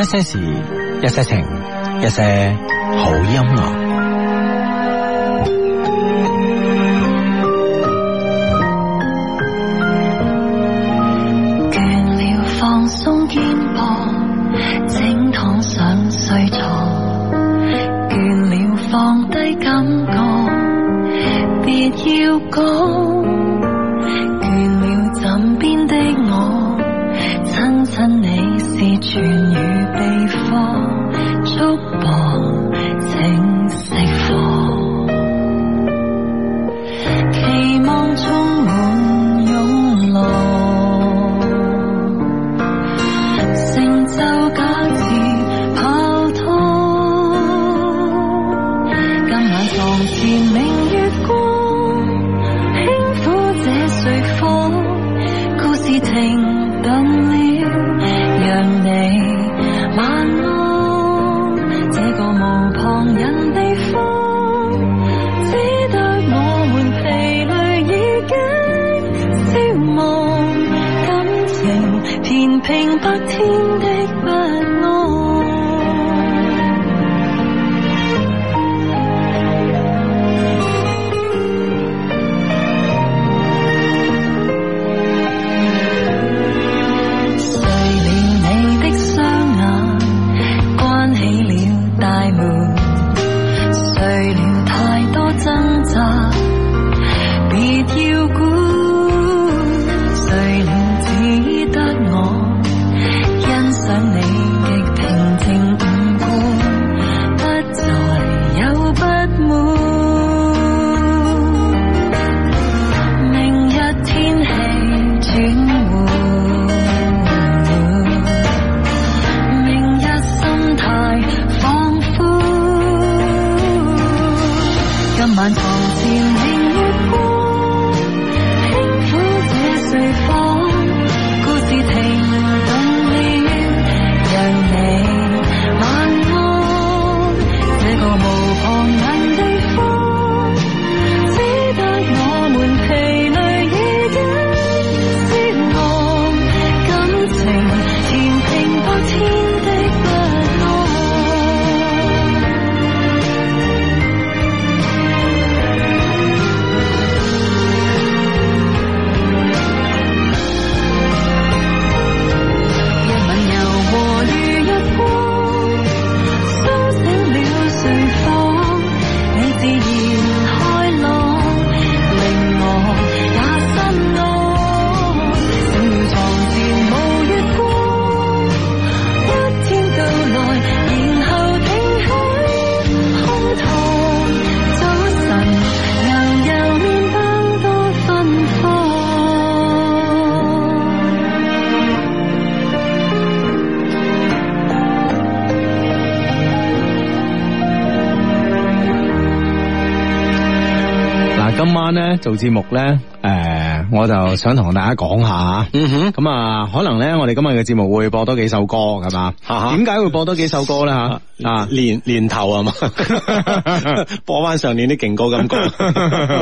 一些事，一些情，一些好音樂。做節目咧，誒，我就想同大家講下，嗯哼，咁啊，可能咧，我哋今日嘅節目會播多幾首歌，係嘛？點解哈會播多幾首歌咧吓？啊年年頭啊嘛，播翻上年啲勁歌咁歌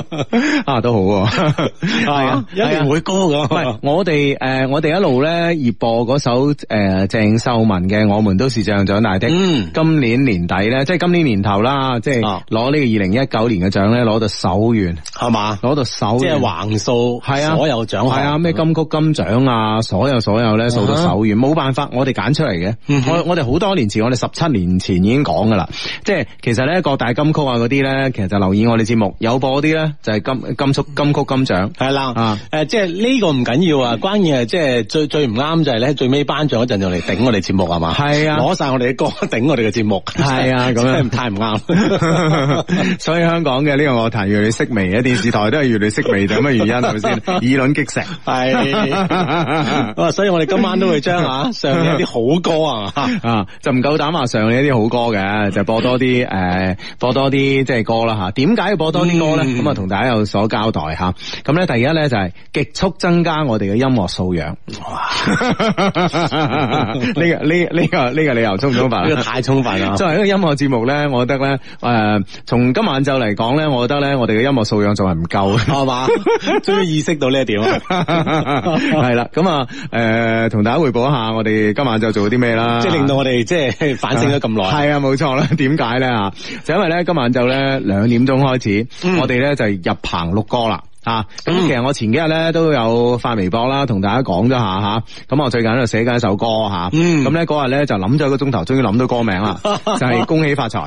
啊都好，係一定會歌咁。唔係我哋誒，我哋一路咧熱播嗰首誒鄭秀文嘅《我們都是這樣長大的》。今年年底咧，即係今年年頭啦，即係攞呢個二零一九年嘅獎咧，攞到手軟，係嘛，攞到手。即係橫數係啊，所有獎係啊，咩金曲金獎啊，所有所有咧，數到手軟，冇辦法，我哋揀出嚟嘅。我我哋好多年前，我哋十七年。前已經講噶啦，即係其實咧，各大金曲啊嗰啲咧，其實就留意我哋節目有播啲咧，就係金金曲金曲金獎係啦，誒，即係呢個唔緊要啊，關鍵係即係最最唔啱就係咧，最尾頒獎嗰陣就嚟頂我哋節目係嘛？係啊，攞晒我哋嘅歌頂我哋嘅節目，係啊，咁樣太唔啱，所以香港嘅呢個樂壇越嚟越式微，嘅電視台都係越嚟越式微，咁嘅原因係咪先？以卵擊石，係，所以我哋今晚都會將啊上嘅一啲好歌啊，啊就唔夠膽話上嘅一啲。好歌嘅，就是、播多啲誒、呃，播多啲即係歌啦吓。點解要播多啲歌咧？咁啊、嗯，同大家有所交代吓。咁咧，第一咧就係、是、極速增加我哋嘅音樂素養。哇，呢、 呢個呢呢、呢個呢、呢個理由充唔充分？呢個太充分啦。作為一個音樂節目咧，我覺得咧誒，從、呃、今晚就嚟講咧，我覺得咧，我哋嘅音樂素養仲係唔夠，係嘛？終於意識到呢一點啦。係 啦， 咁啊誒，同、呃、大家匯報一下，我哋今晚就做咗啲咩啦？即係令到我哋即係反省咗咁耐。 係啊，冇錯啦。點解咧？吓就因為咧，今晚就咧兩點鐘開始，嗯、我哋咧就入棚錄歌啦。咁、嗯、其實我前幾日咧都有發微博啦，同大家講咗下吓。咁我最近喺度寫緊一首歌吓，咁咧嗰日咧就諗咗一個鐘頭，終於諗到歌名啦， 就係恭喜發財。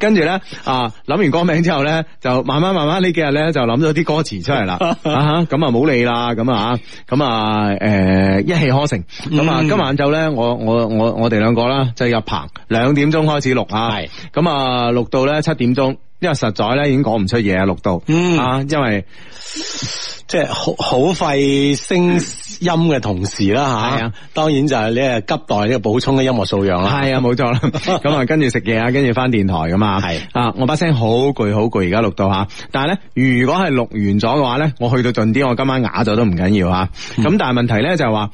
跟住咧啊，諗完歌名之後咧，就慢慢慢慢呢幾日咧就諗咗啲歌詞出嚟啦。咁 啊冇理啦，咁啊吓，咁啊誒一氣呵成。咁啊、嗯，今晚晏晝咧，我我我我哋兩個啦，就入棚兩點鐘開始錄是啊，係咁啊，錄到咧七點鐘。因為實在咧，已經講唔出嘢啊，錄到，啊，因為即係好好費聲音嘅同時啦，吓，當然就係咧急待呢個補充嘅音樂素養啦，係啊，冇錯啦，咁啊跟住食嘢啊，跟住翻電台噶嘛，係的啊，我把聲好攰好攰，而家錄到吓，但係咧如果係錄完咗嘅話咧，我去到盡啲，我今晚啞咗都唔緊要吓，咁、嗯、但係問題咧就係話。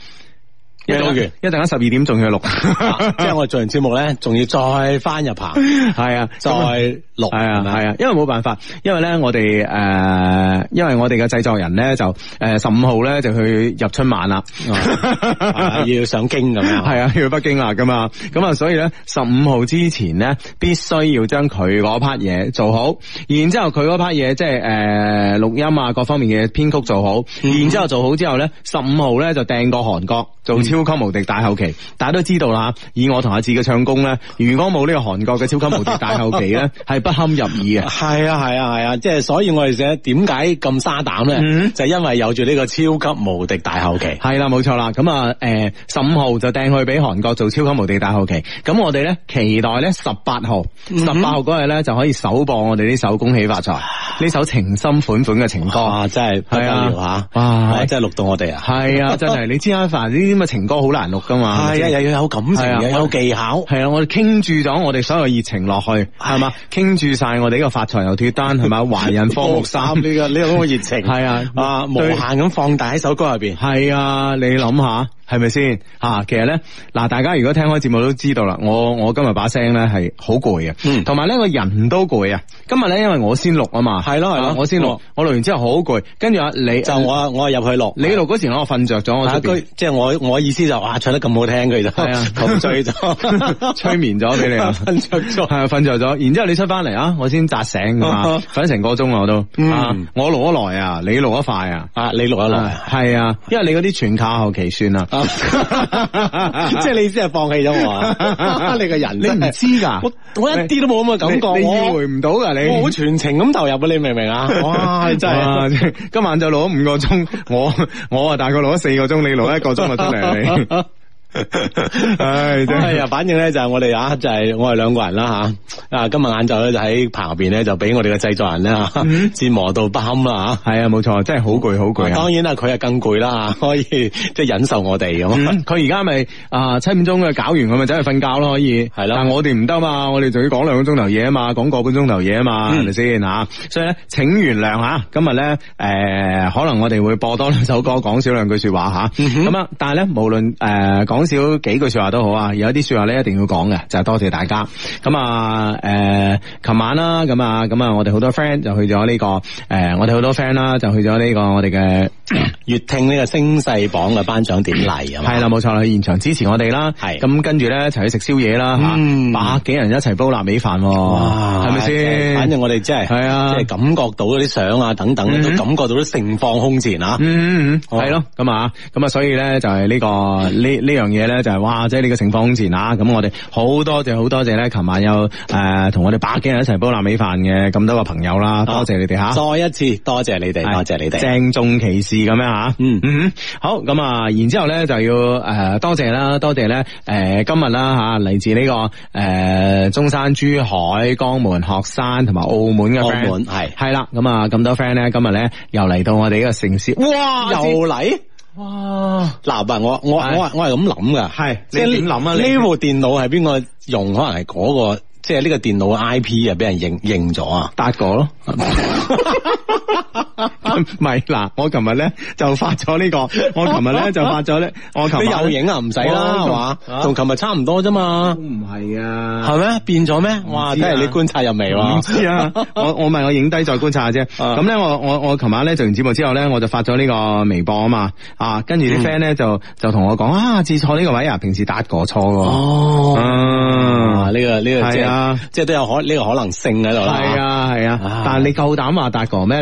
一個月，一陣間十二點仲要錄，啊、 即係我做完節目咧，仲要再翻入棚，係啊，再錄錄，係啊，係啊,啊，因為冇辦法，因為咧我哋誒、呃，因為我哋嘅製作人咧就誒十五號咧就去入春晚啦、哦啊，要上京咁啊，係啊，去北京啊噶嘛，咁啊所以咧十五號之前咧必須要將佢嗰 part 嘢做好，然之後佢嗰 part 嘢即係誒錄音啊各方面嘅編曲做好，嗯、然之後做好之後咧十五號咧就訂過韓國做。超級無敵大後期，大家都知道啦。以我同阿志嘅唱功咧，如果冇呢個韓國嘅超級無敵大後期咧，係 不堪入耳嘅。係啊係啊係啊，即係、啊啊啊、所以我哋寫點解咁沙膽咧，嗯、就因為有住呢個超級無敵大後期。係、啊、啦，冇錯啦。咁、欸、啊，誒，十五號就掟去俾韓國做超級無敵大後期。咁我哋咧，期待咧，十八號，十八號嗰日咧就可以首播我哋呢首《恭喜發財》呢哇首情深款款嘅情歌。哇，真係係啊，啊，哇，真係錄到我哋啊。係啊，真係、啊、你知啊凡呢啲咁嘅情歌好難錄噶嘛，係啊，又要有感情，啊、有技巧。係啊，我哋傾住咗我哋所有熱情落去，係嘛唉，傾住晒我哋呢個發財又脱單，係咪華人？科目三呢個呢個熱情，係啊，無,對無限咁放大喺首歌入邊。係啊，你諗下。係咪先啊？其實咧嗱，大家如果聽開節目都知道啦。我我今日把聲咧係好攰嘅，同埋咧個人都攰啊。今日咧因為我先錄啊嘛，係咯係咯，我先錄，我錄完之後好攰，跟住啊，你就我我入去錄，你錄嗰時我瞓着咗，我即係我我意思就哇唱得咁好聽佢就啊，咁醉咗，催眠咗你哋瞓着咗，係瞓着咗。然之後你出翻嚟啊，我先扎醒噶嘛，瞓成個鐘我都啊，我錄得耐啊，你錄得快啊，啊你錄得耐係啊，因為你嗰啲全靠後期算啊。 即係你意思係放棄咗我啊！ 你個人的你唔知噶我一點你我一啲都冇咁嘅感覺，我體會唔到噶，你我好全程咁投入啊！你明唔明啊？ 哇！真係，今晚就攞咗五個鐘， 我我啊大概攞咗四個鐘，你攞一個鐘就出嚟，啊。 唉，真係啊！反正咧就係我哋啊，就係我哋兩個人啦吓。啊，今日晏晝咧就喺棚入邊咧就俾我哋嘅製作人啦。啊，折磨到不堪啦吓。係啊，冇錯，真係好攰，好攰。當然啦，佢係更攰啦吓，可以即係忍受我哋咁。佢而家咪啊七點鐘嘅搞完，佢咪走去瞓覺咯。可以係咯。的但我哋唔得嘛，我哋仲要講兩個鐘頭嘢啊嘛，講個半鐘頭嘢啊嘛，係咪先吓？所以咧，請原諒吓，今日咧誒，可能我哋會播多兩首歌，講少兩句說話吓。咁啊，嗯、哼但係咧，無論誒講。呃好少幾句說話都好啊，有一啲說話咧一定要講嘅，就係、是、多謝大家。咁啊，誒、呃，琴晚啦，咁啊，咁啊，我哋好多 friend 就去咗呢、這個，誒、呃，我哋好多 friend 啦，就去咗呢個我哋嘅月聽呢個星勢榜嘅頒獎典禮啊。係啦，冇錯啦，去現場支持我哋啦。係是，咁跟住咧一齊去食宵夜啦，吓、啊嗯，百幾人一齊煲臘味飯，係咪先？吧反正我哋即係，係啊，即係感覺到嗰啲相啊等等都、嗯、哼感覺到啲盛況空前、嗯、哼啊。係咯，咁啊，咁啊，所以咧就係呢、這個呢呢樣。這個這個嘢咧就係哇，即係呢個情況前啊！咁我哋好、呃多，多，哦、多謝好多謝咧，琴晚有誒同我哋百幾人一齊煲臘味飯嘅咁多個朋友啦，多謝你哋吓，再一次多謝你哋，多謝你哋，鄭重其事咁樣吓，嗯嗯，好咁啊，然之後咧就要誒多謝啦，多謝咧誒、呃、今日啦吓，嚟、呃、自呢、呢個誒、呃、中山、珠海、江門學生、鶴山同埋澳門嘅 friend，係係啦，咁啊咁多 friend 咧，今日咧又嚟到我哋呢個城市，哇，又嚟。又哇！嗱，我我我係我係咁諗噶，係即係你諗啊？呢部電腦係邊個用？可能係嗰個，即係呢個電腦嘅 I P 啊，俾人認認咗啊，達哥咯。 唔係，嗱,我琴日咧就發咗呢個，我琴日咧就發咗咧，我琴日又影啊，唔使啦，係嘛，同琴日差唔多啫嘛，唔係啊，係咩變咗咩？哇，即係你觀察入微喎，唔知啊，我我問，我影低再觀察下啫。咁咧，我我我琴晚咧做完節目之後咧，我就發咗呢個微博啊嘛，啊，跟住啲 friend 咧就就同我講啊，字錯呢個位啊，平時達哥錯嘅，哦，呢個呢個即係即係都有可呢個可能性喺度啦，係啊係啊，但係你夠膽話達哥咩？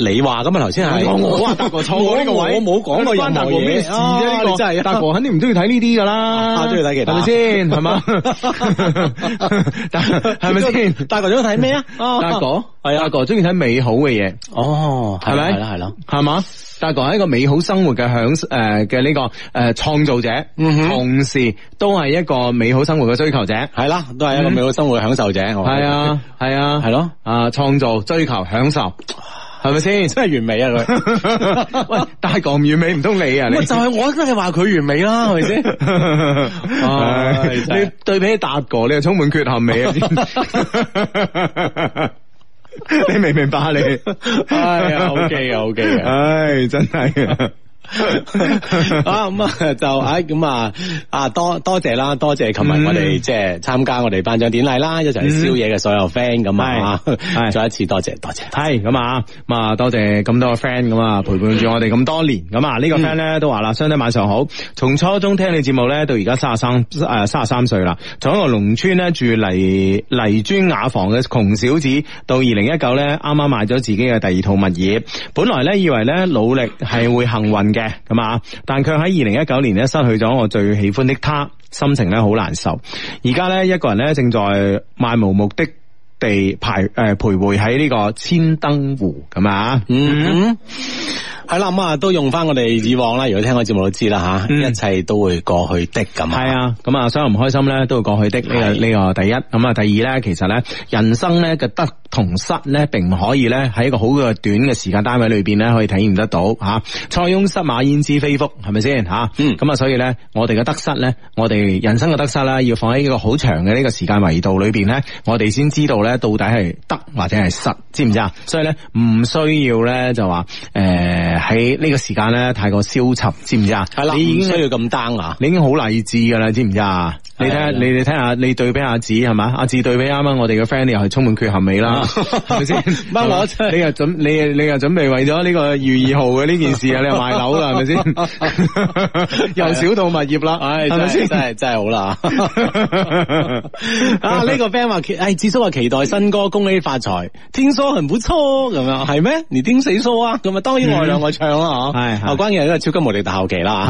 你話咁啊？頭先係我話達哥錯過呢個話，我冇講過任何嘢啊！呢個真係，達哥肯定唔中意睇呢啲㗎啦，中意睇其他係咪先？係嘛？係咪先？達哥中意睇咩啊？達哥係達哥中意睇美好嘅嘢哦，係咪？係啦，係啦，係嘛？達哥係一個美好生活嘅享誒嘅呢個誒創造者，同時都係一個美好生活嘅追求者，係啦，都係一個美好生活嘅享受者，係啊，係啊，係咯，啊創造、追求、享受。係咪先？真係完美啊佢， 喂，大哥唔完美唔通你啊？你就係、是、我真係話佢完美啦，係咪先？你對比達哥，你又充滿缺陷味啊？你明唔明白啊？你，哎呀，OK 啊，OK 啊，唉，真係啊。啊咁啊就誒咁啊啊多多謝啦，多謝琴日我哋、嗯、即係參加我哋頒獎典禮啦，一齊宵夜嘅所有 friend 咁啊，係再一次多謝多謝，係咁啊咁啊多謝咁是、嗯、多個 friend 咁啊陪伴住我哋咁多年，咁啊、嗯、呢個 friend 咧都話啦，相生晚上好，從初中聽你節目咧到而家卅三誒卅三歲啦，從一個農村咧住嚟泥磚瓦房嘅窮小子，到二零一九咧啱啱買咗自己嘅第二套物業，本來咧以為咧努力係會幸運嘅。嗯咁啊，但佢喺二零一九年咧失去咗我最喜歡的他，心情咧好難受。而家咧一個人咧正在漫無目的地排誒徘徊喺呢個千燈湖咁啊。嗯係啦咁啊，都用翻我哋以往啦。如果聽我節目都知啦吓，嗯、一切都會過去的咁。係啊，咁啊，所有唔開心咧，都會過去的。呢個呢個第一。咁啊，第二咧，其實咧，人生咧嘅得同失咧，並唔可以咧喺一個好嘅短嘅時間單位裏邊咧，可以體驗得到吓、啊。塞翁失馬，焉知非福，係咪先吓？咁啊、嗯，所以咧，我哋嘅得失咧，我哋人生嘅得失呢，要放喺一個好長嘅呢個時間維度裏邊咧，我哋先知道咧，到底係得或者係失，知唔知啊？所以咧，唔需要咧就話誒。欸喺呢個時間咧太過消沉，知唔知啊？係啦了，你已經需要咁 down 啊，你已經好勵志噶啦，知唔知啊？你睇下，你你睇下，你對比阿紫係嘛？阿紫對比啱啱我哋嘅 friend，你又係充滿缺陷味啦，係咪先？我你又準你你又準備為咗呢個余二號嘅呢件事啊？你又賣樓啦，係咪先？又小到物業啦，唉，真係真係好啦，啊！呢個 friend 話，唉，智叔話期待新歌，恭喜發財，天梭唔錯咁樣，係咩？你點死數啊？咁啊，當然我哋兩個唱啦，嗬。關啊，關鍵係呢個超級無敵大後期啦，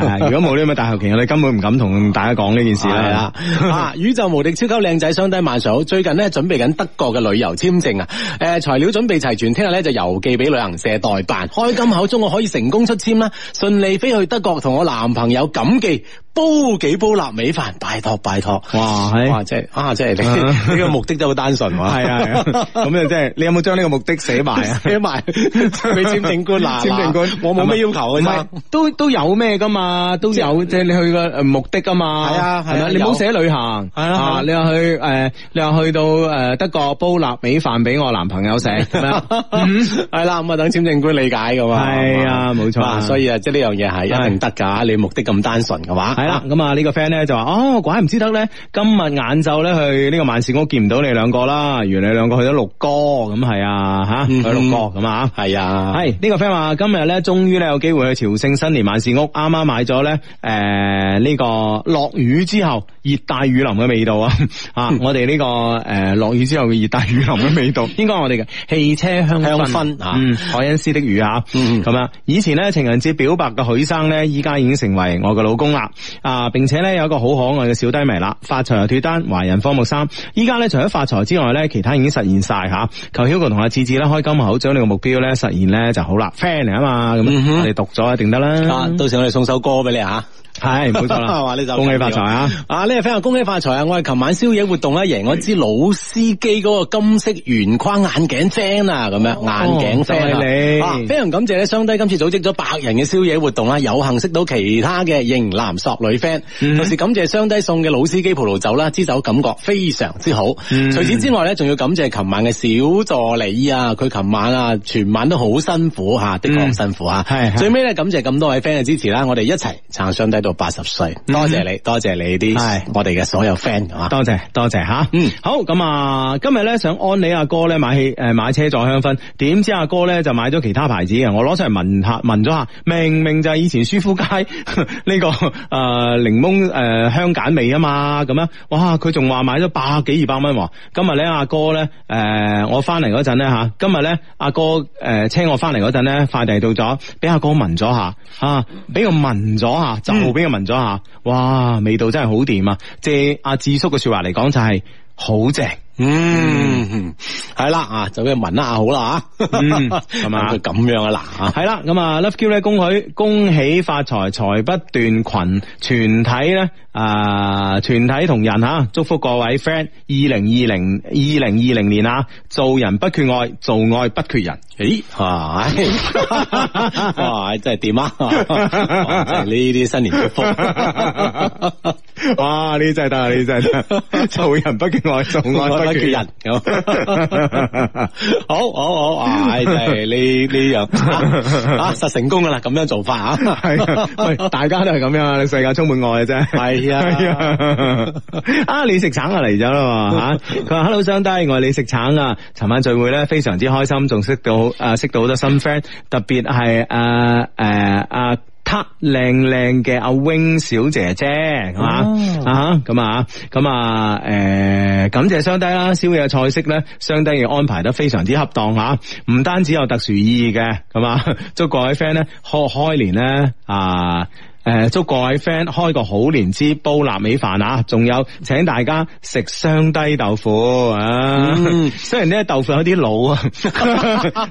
係如果冇呢咁嘅大後期，我哋根本唔敢同大家講呢件事。係啦、啊，宇宙無敵超級靚仔，相低晚上好。最近咧準備緊德國嘅旅遊簽證啊，誒材料準備齊全，聽日咧就郵寄俾旅行社代辦，開金口，中我可以成功出簽啦，順利飛去德國同我男朋友感記。煲幾煲臘味飯，拜託拜託，哇，哇，即係啊，即係你呢個目的都好單純嘛，係啊，咁啊，即係你有冇將呢個目的寫埋啊？寫埋，俾簽證官啦，簽證官，我冇咩要求啊，都都有咩噶嘛，都有即係你去個目的噶嘛，係啊，係嘛，你唔好寫旅行，係啦，你話去誒，你話去到誒德國煲臘味飯俾我男朋友食，係啦，咁啊等簽證官理解噶嘛，係啊，冇錯，所以啊，即係呢樣嘢係一定得噶，你目的咁單純嘅話。係啦，咁啊呢個 friend 咧就話哦，怪唔知得咧，今日晏晝咧去呢個萬事屋見唔到你兩個啦，原來你兩個去咗六哥，咁係啊吓去六哥咁啊，係、嗯、哼啊，係呢、啊這個 friend 話今日咧終於咧有機會去朝聖新年萬事屋，啱啱買咗咧誒呢個落雨之後熱帶雨林嘅味道啊，嗯、 我哋呢、這個誒落、呃、雨之後熱帶雨林嘅味道，嗯、 應該我哋嘅汽車香香氛分啊，海恩、嗯、斯的雨啊，咁啊、 嗯，以前咧情人節表白嘅許生咧，依家已經成為我嘅老公啦。啊，並且咧有一個好可愛嘅小低迷啦，發財又脱單，華人科目三，依家咧除咗發財之外咧，其他已經實現晒吓。求曉哥同阿志志呢，開金口，將你個目標咧實現咧就好啦，friend 嚟啊嘛，咁、嗯、哼我哋讀咗一定得啦、啊。到時我哋送首歌俾你吓、啊。係冇錯啦，係嘛呢，就恭喜發財啊！啊呢位 friend 恭喜發財啊！我哋琴晚宵夜活動咧，贏咗支老司機嗰個金色圓框眼鏡 friend 啊，咁樣、哦、眼鏡 friend 啊！非常感謝咧，雙低今次組織咗百人嘅宵夜活動啦，有幸識到其他嘅型男索女 friend，同時感謝雙低送嘅老司機葡萄酒啦，支酒感覺非常之好。嗯、除此之外咧，仲要感謝琴晚嘅小助理啊，佢琴晚啊全晚都好辛苦吓，的確辛苦吓。係、嗯嗯、最尾咧，感謝咁多位 friend 嘅支持啦，我哋一齊撐上帝，到八十歲，多謝你，嗯、多謝你啲係唉我哋嘅所有 friend 啊！多謝多謝吓哈、嗯，嗯好咁啊！今日咧想安利阿哥咧買，買車誒買車香薰。點知阿哥咧就買咗其他牌子，我攞出嚟聞下聞咗下，明明就係以前舒膚佳呢個誒檸、呃、檬誒、呃、香鹼味啊嘛，咁樣哇佢仲話買咗百幾二百蚊，今日咧阿哥咧誒、呃、我翻嚟嗰陣咧吓，今日咧阿哥誒車、呃、我翻嚟嗰陣咧快遞到咗，俾阿哥聞咗下啊，俾我聞咗下。就。俾佢聞咗下，哇，味道真係好掂啊！借阿智叔嘅說話嚟講就係、是、好正，嗯，係啦啊，就俾佢聞一下好啦啊，係嘛，咁樣啊嗱，係啦，咁啊，love Q 咧，恭喜恭喜發財，財不斷群全體咧。啊！全體同仁吓，祝福各位 friend，二零二零二零二零年啊，做人不缺愛，做愛不缺人。咦、啊？哇！真係掂啊？呢啲新年祝福， 哇！呢啲真係得，呢啲真係得。 做人不缺愛，做愛不缺人。好 好好，係係呢呢樣啊！實成功噶啦，咁樣做法 啊，係大家都係咁樣啊，世界充滿愛嘅啫，係。 係啊！啊，你食橙啊嚟咗啦嘛吓！佢話：Hello，相低，我係你食橙啊！尋晚聚會咧，非常之開心，仲識到誒，識到好多新 friend，特別係誒誒誒 c t 靚靚嘅阿 wing 小姐姐，係嘛啊咁啊咁啊！誒，感謝相低啦，宵夜嘅菜式咧，相低亦安排得非常之恰當吓，唔單止有特殊意義嘅，咁啊，祝各位 friend 咧開開年咧啊！誒，祝各位 friend 開個好年之煲臘味飯啊！仲有請大家食雙低豆腐啊！雖然呢豆腐有啲老啊，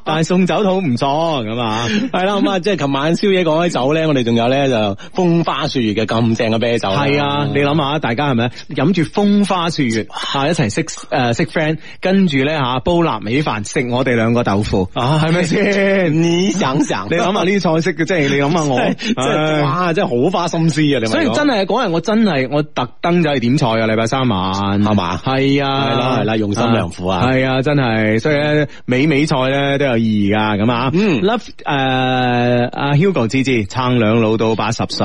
但係送酒都唔錯咁啊！係啦咁啊，即係琴晚宵夜講起酒咧，我哋仲有咧就風花雪月嘅咁正嘅啤酒。係啊，你諗下大家係咪飲住風花雪月吓一齊識誒識 friend，跟住咧吓煲臘味飯，食我哋兩個豆腐啊，係咪先？你想想，你諗下呢啲菜式嘅，即係你諗下我即係哇！好花心思啊！你所以真係嗰日我真係我特登就去點菜啊！禮拜三晚係嘛？係啊，係啦，係啦，用心良苦啊！係啊，真係，所以美美菜咧都有意義噶咁啊！嗯，love 誒，阿 HugoGigi 撐兩老到八十歲，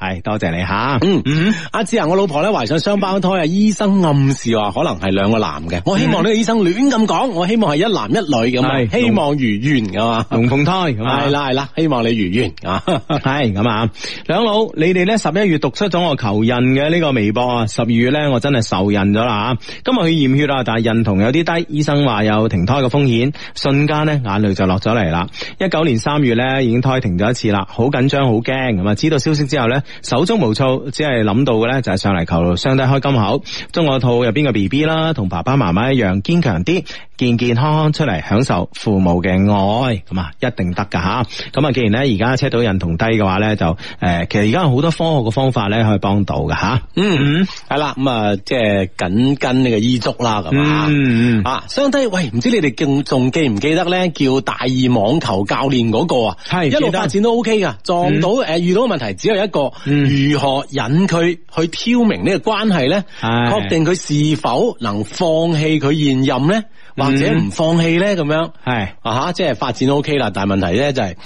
係多謝你吓。嗯嗯，阿志啊，我老婆咧懷上雙胞胎啊，醫生暗示話可能係兩個男嘅，我希望呢個醫生亂咁講，我希望係一男一女咁，係希望如願噶嘛，龍鳳胎係啦係啦，希望你如願啊，係咁啊。兩老，你哋咧十一月讀出咗我求孕嘅呢個微博啊，十二月咧我真係受孕咗啦吓，今日去驗血啦，但係孕酮有啲低，醫生話有停胎嘅風險，瞬間咧眼淚就落咗嚟啦。一九年三月咧已經胎停咗一次啦，好緊張，好驚咁啊！知道消息之後咧，手足無措，只係諗到嘅咧就係上嚟求上帝開金口，祝我肚入邊個 B B 啦，同爸爸媽媽一樣堅強啲，健健康康出嚟，享受父母嘅愛，咁啊一定得噶吓。咁啊，既然咧而家測到孕酮低嘅話咧，就誒。呃其實而家有好多科學嘅方法咧，可以幫到嘅吓。嗯，係啦，咁啊，即係緊跟呢個醫足啦，咁啊，嗯嗯，啊，相低，喂，唔知你哋記仲記唔記得咧？叫大二網球教練嗰、那個啊，係是一路發展都 O K 噶，撞到誒，遇到嘅問題只有一個，嗯、如何引佢去挑明呢個關係咧？確是定佢是否能放棄佢現任咧，嗯、或者唔放棄咧？咁樣係是啊，吓，即係發展 O K 啦，但係問題咧就係、是。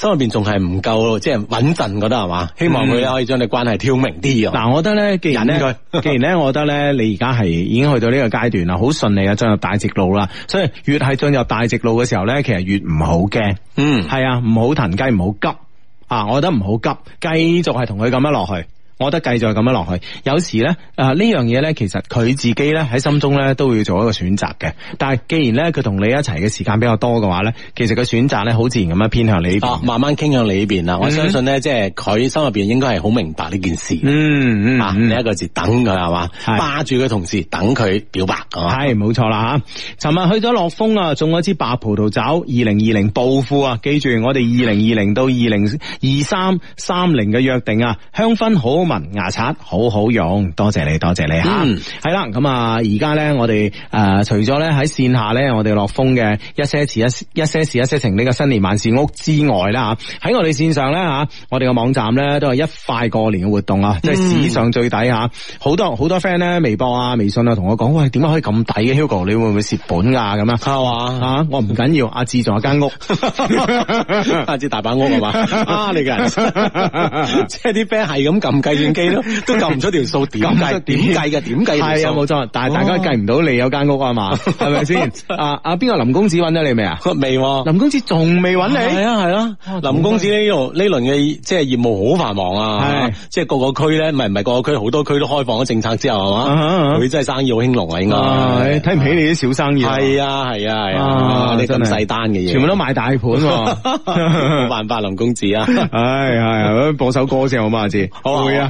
心入邊仲係唔夠，即係穩陣，覺得係嘛？希望佢可以將你的關係挑明啲。嗱，我覺得咧，既然咧，既然咧，我覺得咧，你而家係已經去到呢個階段啦，好順利啊，進入大直路啦。所以越係進入大直路嘅時候咧，其實越唔好驚。嗯，係啊，唔好騰雞，唔好急啊！我覺得唔好急，繼續係同佢咁樣落去。我得繼續咁樣落去，有時呢啊呢樣嘢呢，其實佢自己呢，喺心中呢，都會做一個選擇嘅。但係既然呢，佢同你一齊嘅時間比較多嘅話呢，其實個選擇呢，好自然咁樣偏向你，哦。慢慢傾向你呢邊啦。嗯、我相信呢，嗯、即係佢心入邊應該係好明白呢件事。嗯嗯，呢、嗯啊、一個字等佢係嘛，嗯、吧霸住佢同事等佢表白。係是，冇錯啦。吓吧，尋日去咗樂峰啊，種咗支白葡萄酒。二零二零暴富啊！記住我哋二零二零到二零二三三零嘅約定啊，香薰好。牙刷好好用，多謝你，多謝你吓，係啦、嗯。咁啊，而家咧，我哋誒除咗咧喺線下咧，我哋樂風嘅一些事一一些事,一些,事一些情呢、這個新年萬事屋之外啦吓，喺我哋線上咧吓，我哋個網站咧都係一塊過年嘅活動啊，即係史上最抵吓，好、嗯、多好多 friend 咧，微博啊、微信啊，同我講喂，點解可以咁抵嘅？Hugo，你會唔會蝕本噶？咁啊，係嘛 Hello, 說啊，我唔緊要，阿志仲有間屋，阿志 大把屋係嘛、 啊，你嘅， 即係啲 friend 係咁撳計。聯記咯，都計唔出條數，點計？點計嘅點計？係啊，冇錯。但係大家計唔到你有間屋啊嘛？係咪先？阿阿邊個林公子揾咗你未啊？未，林公子仲未揾你？係啊，係啊。林公子呢度呢輪嘅即係業務好繁忙啊，係嘛？即係各個區咧，唔係唔係各個區，好多區都開放咗政策之後，係嘛？佢真係生意好興隆啊，應該睇唔起你啲小生意。係啊，係啊，係啊，你咁細單嘅嘢，全部都賣大盤，冇辦法，林公子啊！唉，係播首歌先好嘛？智好啊。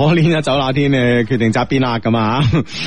我念一走那天誒，決定扎邊啦咁啊！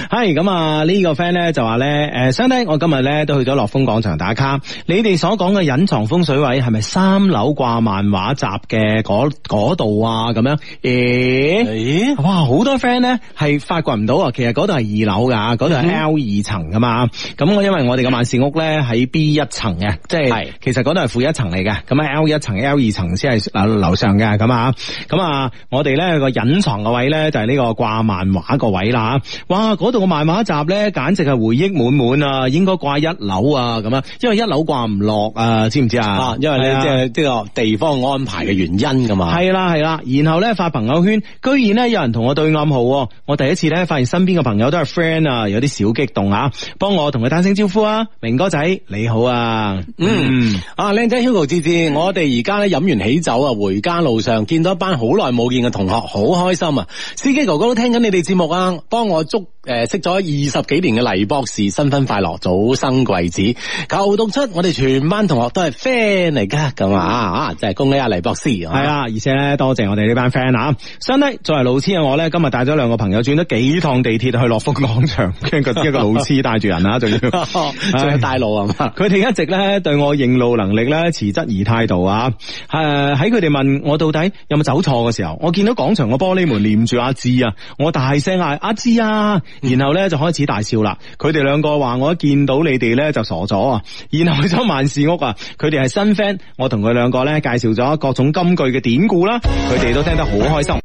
係咁啊，呢個 friend 咧就話咧誒，兄弟，我今日咧都去咗樂富廣場打卡。你哋所講嘅隱藏風水位係咪三樓掛漫畫集嘅嗰度啊？咁、欸、樣？誒、欸、哇，好多 friend 咧係發掘唔到，啊，其實度係二樓噶，度係 L 二層噶嘛。咁我、嗯、因為我哋嘅萬事屋咧喺 B 一層嘅，即係係是其實度係負一層嚟嘅。咁喺 L 一層、L 二層先係啊樓上嘅咁啊。咁啊、嗯，我哋咧有個隱藏嘅位。咧就係呢個掛漫畫個位啦，哇，嗰度個漫畫集呢，簡直係回憶滿滿啊，應該掛一樓啊，咁啊，因為一樓掛唔落啊，知唔知啊？啊，因為咧即係呢個地方安排嘅原因噶嘛。係啦係啦，然後呢，發朋友圈，居然呢，有人同我對暗號，啊，我第一次呢，發現身邊嘅朋友都係 friend 啊，有啲小激動啊，幫我同佢打聲招呼啊，明哥仔你好啊，嗯，啊靚仔 Hugo 之之，我哋而家呢，飲完喜酒啊，回家路上見到一班好耐冇見嘅同學，好開心啊！司機哥哥都聽緊你哋節目啊，幫我捉。誒，識咗二十幾年嘅黎博士，新婚快樂，早生貴子，求到出，我哋全班同學都係 friend 嚟噶，咁啊，啊，即、啊、係、就是，恭喜阿黎博士，係啊，而且咧多謝我哋呢班 friend 啊，所以作為老師嘅我咧，今日帶咗兩個朋友轉咗幾趟地鐵去樂福廣場，驚個 一個老師帶住人啊，仲要仲要帶路啊，佢哋一直咧對我認路能力咧持質疑態度啊，誒、啊，喺佢哋問我到底有冇走錯嘅時候，我見到廣場個玻璃門，念住阿芝啊，我大聲嗌阿芝啊！啊然後咧就開始大笑啦！佢哋兩個話，我一見到你哋咧就傻咗啊！然後去咗萬事屋啊，佢哋係新 friend，我同佢兩個咧介紹咗各種金句嘅典故啦，佢哋都聽得好開心。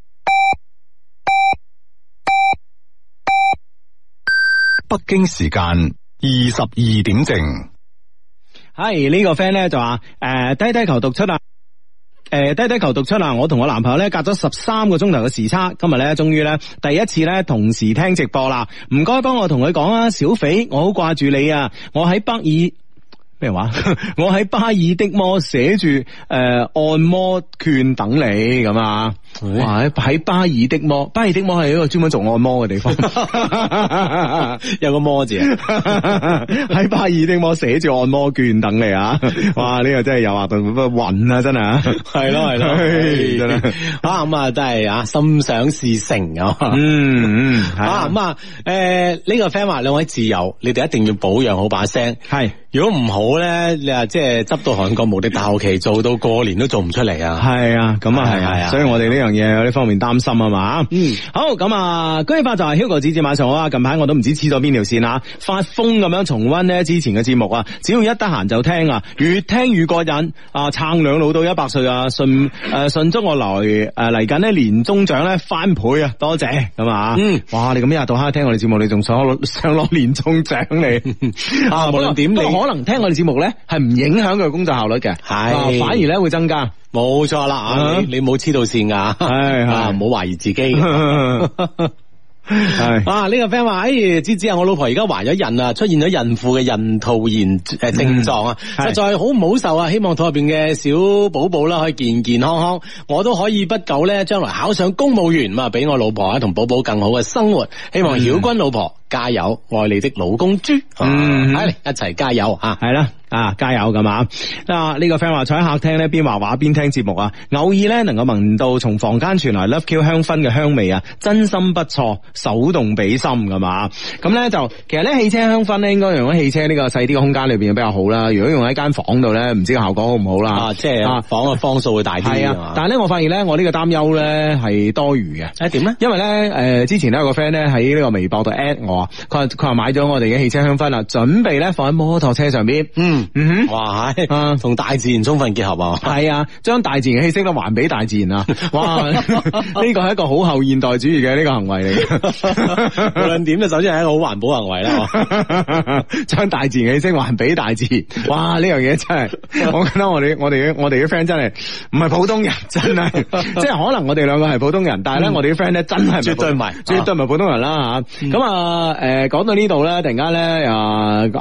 北京時間二十二點正，係呢個 friend 咧就話誒，低低球讀出啊！誒，低低求讀出啦！我同我男朋友呢，隔咗十三個鐘頭嘅時差，今日呢，終於呢第一次呢同時聽直播啦！唔該，幫我同佢講啊，小肥，我好掛住你啊，我喺北爾。咩話？我喺巴爾的摩寫住誒按摩券等你咁啊！哇！喺巴爾的摩，巴爾的摩係一個專門做按摩嘅地方， 有個摩字啊！喺巴爾的摩寫住按摩券等你啊！哇！呢、這個真係有阿頓乜運啊！真係，係咯係咯，真啊咁啊，真係啊心想事成啊！嗯嗯，啊咁啊，誒呢個 friend 話兩位自由，你哋一定要保養好把聲，係。如果唔好咧，你話即係執到韓國無敵大後期，做到過年都做唔出嚟啊！係、就是、啊，咁啊係啊，所以我哋呢樣嘢有呢方面擔心啊嘛，嗯，好，咁啊，今日就係 Hugo 姐姐晚上好啊！近排我都唔知黐咗邊條線啊，發瘋咁樣重溫呢之前嘅節目啊，只要一得閒就聽，愈聽愈啊，越聽越過癮啊！撐兩老到一百歲啊，順誒順、啊、足我來誒嚟緊呢，啊、年終獎咧翻倍啊！多謝咁啊，嗯，哇！你咁一日到黑聽我哋節目，你仲想攞想攞年終獎你啊？無論點你可能聽我哋節目咧，係唔影響佢工作效率嘅，係是反而咧會增加，冇錯啦啊！你你冇黐到線啊，係啊、uh，唔好、huh. 懷疑自己。Uh huh. 係，哇！呢、啊，這個 friend 話，誒、欸，知知啊，我老婆而家懷咗孕啊，出現咗孕婦嘅孕吐現誒症狀啊，嗯、實在好唔好受啊！希望肚入邊嘅小寶寶啦可以健健康康，我都可以不久咧將來考上公務員嘛，俾我老婆啊同寶寶更好嘅生活。希望曉君老婆加油，愛你的老公豬，嚟、啊嗯、的一齊加油啊！係啦。啊，加油㗎嘛！啊，呢、這個 friend 話坐喺客廳咧，邊畫畫邊聽節目啊，偶爾咧能夠聞到從房間傳來 love q 香薰嘅香味啊，真心不錯，手動比心㗎嘛！咁、嗯、咧、嗯、就其實咧汽車香薰咧，應該用喺汽車呢個細啲嘅空間裏邊比較好啦。如果用喺間房度咧，唔知效果會會好唔好啦。啊，即、就、係、是、房嘅方數會大啲啊。啊啊但係咧，我發現咧，我個擔憂呢個擔憂咧係多餘嘅。誒、啊，點咧？因為咧，誒、呃，之前有個個 friend 咧喺呢個微博度 at 我，佢佢話買咗我哋嘅汽車香薰啦，準備咧放喺摩托車上邊。嗯。嗯，哇，同大自然充分結合啊，係啊，將大自然嘅氣息都還俾大自然啊，哇，呢個係一個好後現代主義嘅呢個行為嚟，無論點咧，首先係一個好環保行為啦，將大自然嘅氣息還俾大自然，哇，呢樣嘢真係，我覺得我哋我哋我哋啲 friend 真係唔係普通人，真係，即係可能我哋兩個係普通人，但係咧我哋啲 friend 咧真係絕對唔係，絕對唔係普通人啦吓，咁啊，誒，講到呢度咧，突然間咧，又誒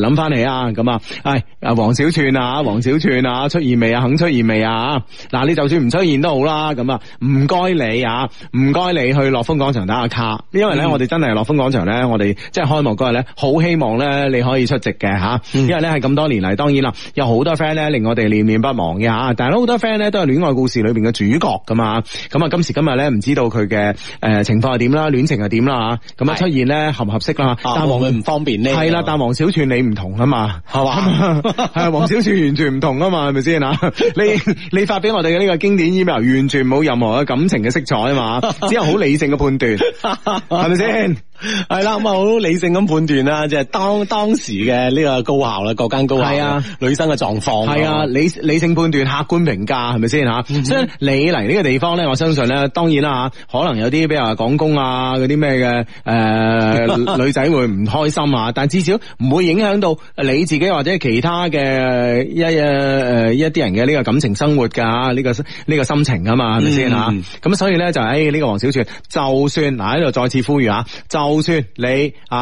諗翻起啊，咁啊。係啊，黃、哎、小串啊，黃小串啊，出現未啊？肯出現未啊？嗱，你就算唔出現都好啦，咁啊，唔該你啊，唔該你去樂豐廣場打下卡，因為咧，我哋真係樂豐廣場咧，我哋即係開幕嗰日咧，好希望咧你可以出席嘅吓，因為咧係咁多年嚟，當然啦，有好多 friend 咧令我哋念念不忘嘅吓，但係好多 friend 咧都係戀愛故事裏邊嘅主角㗎嘛，咁啊，今時今日咧唔知道佢嘅誒情況係點啦，戀情係點啦，咁啊出現咧合唔合適啦？但黃佢唔方便呢。係啦，但黃小串，吧黃小串你唔同啊嘛，係嘛？係啊， 黃小廚完全唔同啊嘛，係咪先吓？你你發俾我哋嘅呢個經典 email，完全冇任何嘅感情嘅色彩啊嘛，只有好理性嘅判斷，係咪先？ 係啦，咁啊，好理性咁判斷啦，即係當當時嘅呢個高校啦，各間高校，係啊，女生嘅狀況，係啊，理理性判斷、客觀評價，係咪先吓？Mm hmm. 所以你嚟呢個地方咧，我相信咧，當然啦，可能有啲，比如話廣工啊，嗰啲咩嘅誒，女仔會唔開心啊， 但至少唔會影響到你自己或者其他嘅一誒一啲人嘅呢個感情生活噶，呢、這個呢、這個心情啊嘛，係咪先吓？咁、mm hmm. 所以咧就喺呢、哎這個黃小泉就算嗱喺度再次呼籲啊，就。冇算你啊、就是！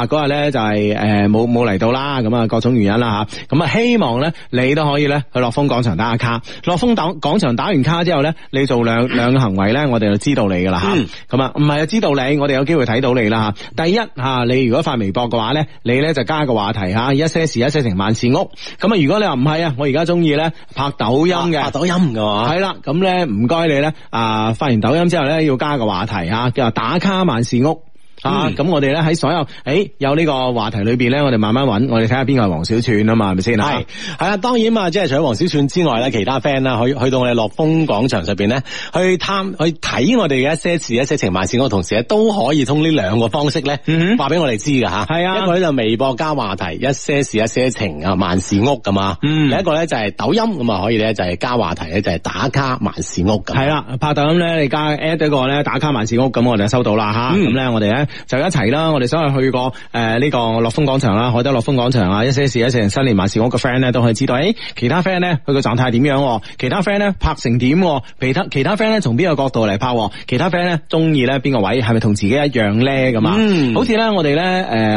嗰日咧就係誒冇冇嚟到啦，咁啊各種原因啦吓，咁啊希望咧你都可以咧去樂豐廣場打下卡。樂豐打廣場打完卡之後咧，你做兩 兩個行為咧，我哋就知道你噶啦吓。咁啊唔係啊知道你，我哋有機會睇到你啦吓。第一你如果發微博嘅話咧，你咧就加個話題吓，一些事一些情萬事屋。咁啊，如果你話唔係啊，我而家中意咧拍抖音嘅，拍抖音嘅話係啦。咁咧唔該你咧啊，發完抖音之後咧要加個話題吓，叫做打卡萬事屋。嗯、啊，咁我哋咧喺所有誒、欸、有呢個話題裏邊咧，我哋慢慢揾，我哋睇下邊個係黃小串啊嘛，係咪先？係係啊，當然啊，即係除咗黃小串之外咧，其他 friend 啦，去去到我哋樂峰廣場上邊咧，去探去睇我哋嘅一些事、一些情、萬事屋，同時咧都可以通呢兩個方式咧，嗯，話俾我哋知㗎。吓。係啊，一個咧就微博加話題，一些事、一些情啊，萬事屋㗎嘛。嗯，另一個咧就係抖音咁啊，可以咧就係加話題咧就係、是、打卡萬事屋。係啦、嗯，拍抖音咧，你加一個咧打卡萬事屋，咁我哋就收到啦吓。咁咧、嗯、我哋咧。就一齊啦！我哋想去去過誒呢、呃這個樂豐廣場啦，海德樂豐廣場啊，一些事一些人，新年晚事我個 friend 咧都可以知道。誒、欸，其他 friend 咧，佢個狀態點樣？其他 friend 咧拍成點？其他其他 friend 咧從邊個角度嚟拍？其他 friend 咧中意咧邊個位？係咪同自己一樣咧？咁啊、嗯，好似咧我哋咧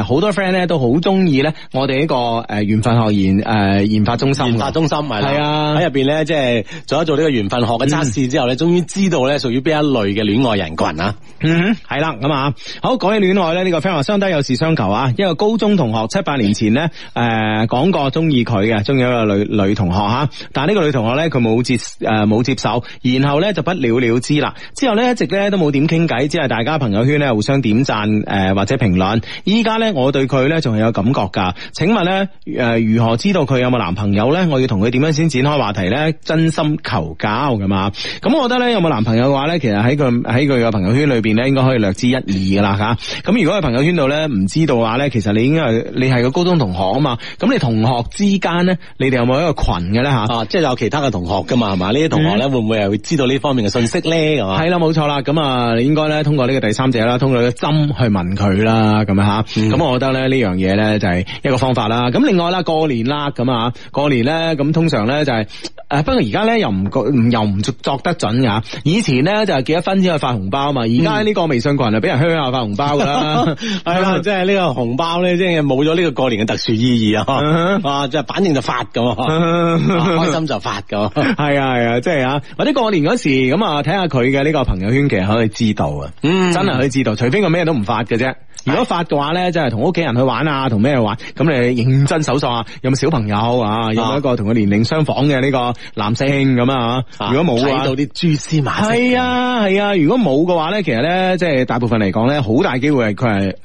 誒好多 friend 咧都好中意咧我哋呢個誒緣分學研誒、呃、研發中心，研發中心係係啊。喺入邊咧即係做一做呢個緣分學嘅測試之後咧，終於、嗯、知道咧屬於邊一類嘅戀愛人群啊。嗯哼，係啦，咁啊，好。講起戀愛呢，呢、這個 friend 相得有事相求啊！一個高中同學七八年前呢，誒、呃、講過中意佢嘅，中意一個女女同學吓。但係呢個女同學呢，佢冇接誒冇、呃、接受，然後呢就不了了之啦。之後呢，一直呢都冇點傾偈，只係大家朋友圈呢互相點讚誒、呃、或者評論。依家呢，我對佢呢仲係有感覺噶。請問呢，誒、呃、如何知道佢有冇男朋友呢？我要同佢點樣先展開話題呢？真心求教㗎嘛？咁、嗯、我覺得呢，有冇男朋友嘅話呢？其實喺佢喺佢嘅朋友圈裏邊呢，應該可以略知一二噶啦。咁如果喺朋友圈度咧唔知道嘅話咧，其實你應該你係個高中同學啊嘛，咁你同學之間咧，你哋有冇一個群嘅咧吓？啊，即係有其他嘅同學噶嘛，係嘛 吧？呢啲同學咧會唔會係會知道呢方面嘅信息咧？係 啦，冇錯啦，咁啊，你應該咧通過呢個第三者啦，通過個針去問佢啦，咁樣吓。咁我覺得咧呢樣嘢咧就係一個方法啦。咁另外啦，過年啦咁啊，過年咧咁通常咧就係、是、誒，啊、不過而家咧又唔又唔作得準啊。以前咧就係結咗婚先去發紅包啊嘛，而家呢個微信群啊，俾人鄉下發紅包。嗯包啦，係啦， 即係呢個紅包咧，即係冇咗呢個過年嘅特殊意義啊！啊、uh，即、huh. 係反正就發噶，uh huh. 開心就發噶，係啊係啊，即係啊，或者過年嗰時咁啊，睇下佢嘅呢個朋友圈，其實可以知道啊，mm hmm. 真係可以知道，除非佢咩都唔發嘅啫。如果發嘅話咧，就係同屋企人去玩啊，同咩玩？咁你認真搜索啊，有冇小朋友啊？有冇一個同佢年齡相仿嘅呢個男性兄咁啊？如果冇嘅話，睇到啲蛛絲馬跡。係啊係啊，如果冇嘅話咧，其實咧即係大部分嚟講咧，好大機會係佢係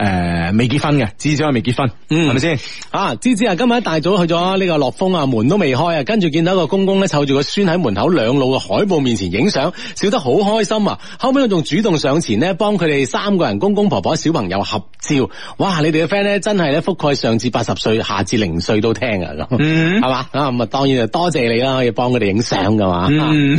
誒未結婚嘅，至少係未結婚，係咪先？吧啊，芝芝啊，今日一大早去咗呢個樂富啊，門都未開啊，跟住見到一個公公咧湊住個孫喺門口兩路嘅海報面前影相，笑得好開心啊！後尾我仲主動上前咧幫佢哋三個人公公婆婆婆小朋友合照，哇！你哋嘅 friend 咧，真係咧覆蓋上至八十歲，下至零歲都聽啊咁，係嘛啊咁啊，當然就多謝你啦，可以幫佢哋影相噶嘛。嗯，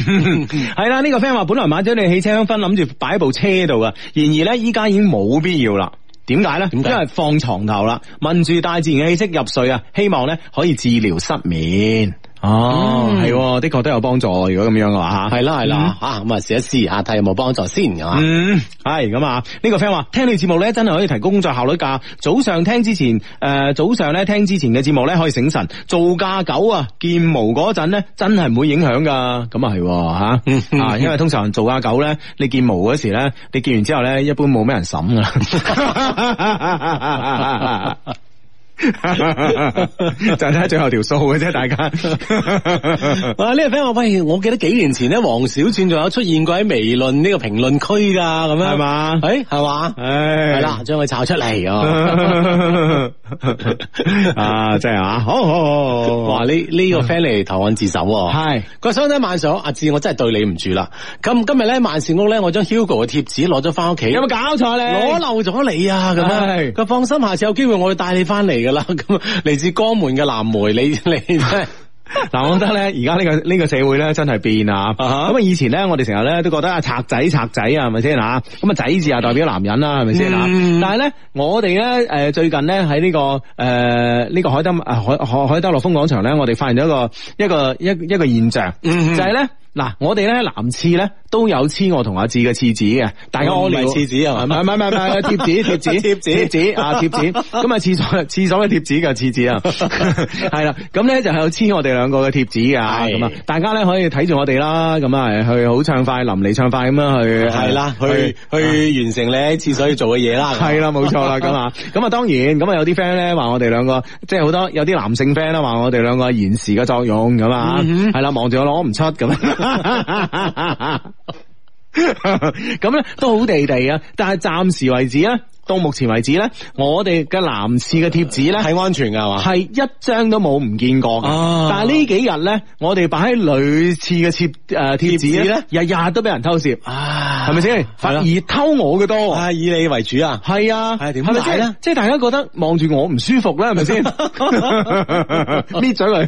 係 啦， 呢個 friend 話本來買咗你汽車香薰，諗住擺喺部車度噶，然而咧依家已經冇必要啦。點解咧？點解，因為放床頭啦，聞住大自然嘅氣息入睡啊，希望咧可以治療失眠。哦，係、嗯，的確都有幫助。如果咁樣嘅話，係啦係啦，啊，咁啊試一試吓，睇有冇幫助先，係嘛、嗯。係咁啊，呢、這個 friend 話聽你節目咧，真係可以提供工作效率噶。早上聽之前，誒、呃、早上咧聽之前嘅節目咧，可以醒神。做架狗啊，剪毛嗰陣咧，真係唔會影響噶。咁啊係，吓啊的，嗯、因為通常做架狗咧，你剪毛嗰時咧，你剪完之後咧，一般冇咩人審噶。就睇 最後條數嘅啫，大家。 哇，呢、這個 friend 我發現，我記得幾年前咧，黃小賤仲有出現過喺微論呢個評論區噶，咁樣係嘛？誒嗎，係嘛、欸？誒，係啦是，將佢炒出嚟 啊！真係啊，好好好，哇！呢、這、呢個 friend 嚟投案自首，係佢收得萬上，阿、啊、志，我真係對不你唔住啦。咁今日咧，萬善屋咧，我將 Hugo 嘅貼紙攞咗翻屋企，有冇搞錯你？攞漏咗你啊？咁樣，佢是放心，下次有機會我會帶你翻嚟。啦，咁嚟 自江門嘅藍莓，你你即係，嗱，我覺得咧，而家呢個呢個社會咧，真係變啊，咁啊，以前咧，我哋成日咧都覺得啊賊仔賊仔啊，係咪先啊？咁啊，仔字啊代表男人啦，係咪先啊？但係咧，我哋咧，誒，最近咧喺呢個誒呢個海德啊海海海德樂峰廣場咧，我哋發現咗一個一個一個一個現象，mm hmm. 就係咧。嗱，我哋咧男廁咧都有黐我同阿志嘅廁紙嘅，大家我哋唔係廁紙啊，唔係唔係唔係貼紙貼紙貼紙貼紙啊貼紙，咁啊廁所廁所嘅貼紙就廁紙啊，係啦，咁咧就係有黐我哋兩個嘅貼紙㗎。咁啊，大家咧可以睇住我哋啦，咁啊去好暢快淋漓暢快咁啊去，係啦，去去完成你喺廁所要做嘅嘢啦，係啦，冇錯啦，咁啊，咁啊當然咁啊有啲 friend 咧話我哋兩個，即係好多有啲男性 friend 啦話我哋兩個延時嘅作用咁啊，係啦，望住我攞唔出咁。咁咧 都好地地啊，但係暫時為止啊。到目前為止咧，我哋嘅男廁嘅貼紙咧係安全㗎係嘛，係一張都冇唔見過，但係呢幾日咧，我哋擺喺女廁嘅貼誒貼紙咧，日日都俾人偷攝，係咪先？反而偷我嘅多，係，以你為主啊，係啊，係點？係咪即啊，即係大家覺得望住我唔舒服啦？係咪先？搣咗佢！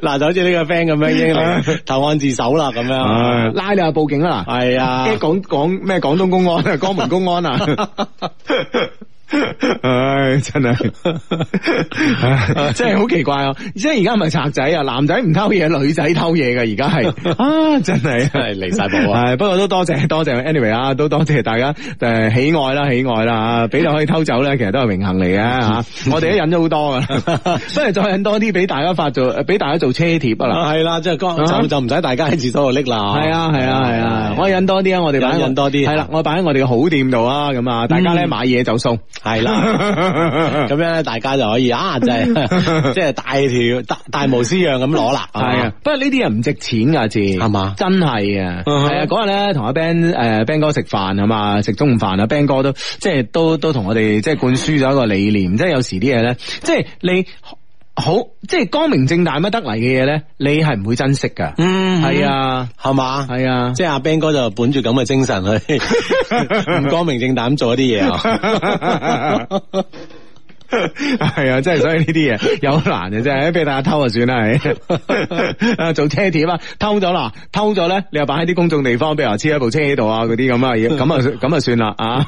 嗱就好似呢個 friend 咁樣已經投案自首啦，咁樣拉你去報警啦，係係啊，講講咩廣東公安。江門公安啊！唉，真係，真係好奇怪啊。即係而家唔係賊仔啊，男仔唔偷嘢，女仔偷嘢嘅，而家係啊，真係離晒譜啊！係不過都多謝多謝，anyway 啊，都多謝大家誒喜愛啦喜愛啦吓，俾到可以偷走咧，其實都係榮幸嚟嘅吓。我哋都忍咗好多啊，不如再忍多啲俾大家發做，俾大家做車貼啊啦，係啦，即係就唔使大家喺廁所度拎啦。係啊係啊係啊，可以忍多啲啊！我哋擺喺忍多啲係啦，我擺喺我哋嘅好店度啊，咁啊，大家咧買嘢就送。係啦，咁樣咧，大家就可以啊，即係即係大條大大模施樣咁攞啦，係啊 吧。不過呢啲嘢唔值錢㗎，字吧，係嘛？真係啊，係啊的。嗰日咧同阿 Ben 誒 Ben 哥食飯啊嘛，食中午飯啊，Ben 哥都即係都都同我哋即係灌輸咗一個理念，即係有時啲嘢咧，即係你。好，即係光明正大乜得嚟嘅嘢咧，你係唔會珍惜噶，係、嗯、啊，係嘛吧，係是啊，即係阿 Ben 哥就本住咁嘅精神去，唔 光明正膽做一啲嘢啊。 係啊，真係 所以呢啲嘢有難嘅真係俾大家偷就算啦，係，做車貼啊，偷咗啦，偷咗咧，你又擺喺啲公眾地方，比如話黐喺部車喺度 的啊，嗰啲咁啊，咁啊咁啊算啦啊！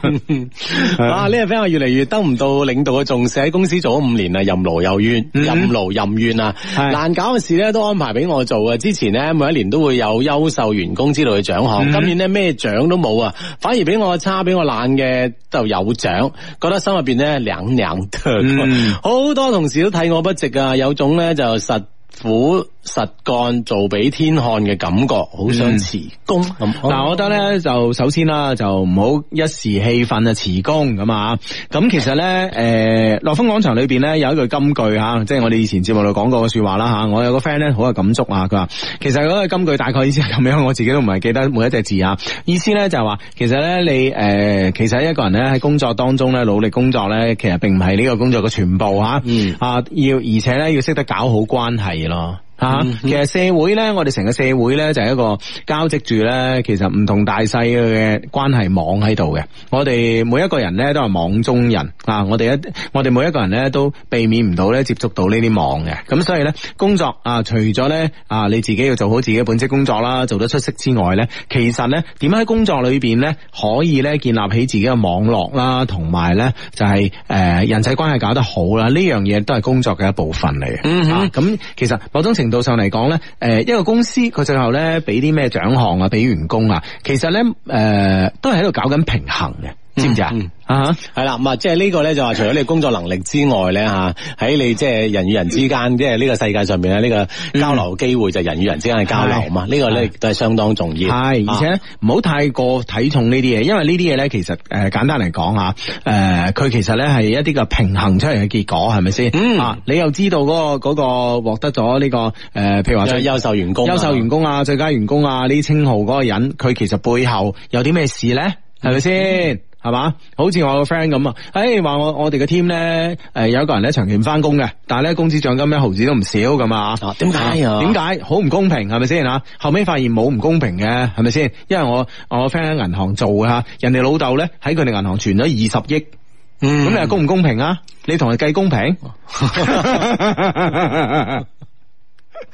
呢位 friend 越嚟越得唔到領導嘅重視，喺公司做咗五年啦，任勞又怨，任勞任怨啊，難搞嘅事咧都安排俾我做啊。之前呢，每一年都會有優秀員工之類嘅獎項，嗯、今年呢，咩獎都冇啊，反而俾我差，俾我懶嘅就有獎，覺得心入邊咧涼涼嗯，好多同事都睇我不值啊，有種咧就實苦。實幹做俾天看嘅感覺，好想辭工。嗱、嗯，我覺得咧就首先啦，就唔好一時氣憤就辭工咁啊。咁其實咧，誒，樂豐廣場裏邊咧有一句金句吓，即係我哋以前節目度講過嘅說話啦吓。我有個 friend 咧好有感觸啊，佢話，其實嗰句金句大概意思係咁樣，我自己都唔係記得每一隻字啊。意思咧就係話，其實咧你，誒，其實一個人咧喺工作當中咧努力工作咧，其實並唔係呢個工作嘅全部吓。啊，要而且咧要識得搞好關係咯。吓，其實社會咧，我哋成個社會咧就係一個交織住咧，其實唔同大細嘅關係網喺度嘅。我哋每一個人咧都係網中人啊！我哋一我哋每一個人咧都避免唔到咧接觸到呢啲網嘅。咁所以咧，工作啊，除咗咧啊，你自己要做好自己嘅本職工作啦，做得出色之外咧，其實咧點解喺工作裏邊咧可以咧建立起自己嘅網絡啦，同埋咧就係誒人際關係搞得好啦，呢樣嘢都係工作嘅一部分嚟嘅。咁、嗯、哼其實某種情。程度上嚟講咧，誒，一個公司佢最後咧俾啲咩獎項啊，俾員工啊，其實咧，誒，都係喺度搞緊平衡嘅。嗯、知唔知啊？啊，係啦，咁啊，即係呢個咧就話、是，除咗你工作能力之外咧，吓喺你即係人與人之間，即係呢個世界上面啊，呢、這個交流機會就係人與人之間嘅交流嘛。呢、嗯、個咧都係相當重要。係是，啊、而且唔好太過睇重呢啲嘢，因為呢啲嘢咧其實誒、呃、簡單嚟講吓，誒、呃、佢其實咧係一啲嘅平衡出嚟嘅結果，係咪先？嗯、啊。你又知道嗰、那個嗰、那個獲得咗呢、這個誒、呃，譬如話最優秀員工、啊、優秀員工、啊啊、員工啊、最佳員工啊呢稱號嗰個人，佢其實背後有啲咩事咧？係咪先？是係嘛？好似我個 friend 咁啊，誒、哎，話我我哋嘅 team 咧，誒、呃，有一個人咧長期唔翻工嘅，但係咧工資獎金呢，毫子都唔少咁啊。哦，點解？點解好唔公平？係咪先？後尾發現冇唔公平嘅，係咪先？因為我我 friend 喺銀行做嘅吓，人哋老豆咧喺佢哋銀行存咗二十億，咁、嗯、你公唔公平啊？你同佢計公平？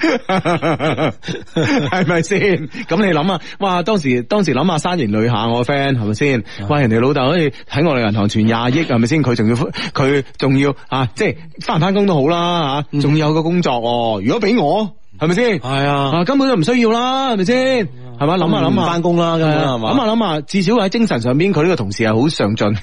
係咪先？咁你諗啊？哇！當時當時諗下山形女下我 friend 係咪先？哇！ 人哋老豆可以喺我哋銀行存廿億係咪先？佢仲要佢仲要啊！即係翻唔翻工都好啦吓，仲、啊、有個工作哦。如果俾我係咪先？係 是啊，啊，啊根本就唔需要啦，係咪先？係嘛，諗下諗下翻工啦，咁樣係嘛諗下諗下，至少喺精神上邊，佢呢個同事係好上進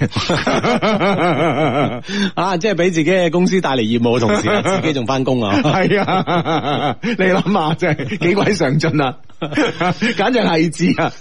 啊！即係俾自己嘅公司帶嚟業務嘅同事， 自己仲翻工啊！係 啊，你諗下即係幾鬼上進啊！ 簡直係字啊！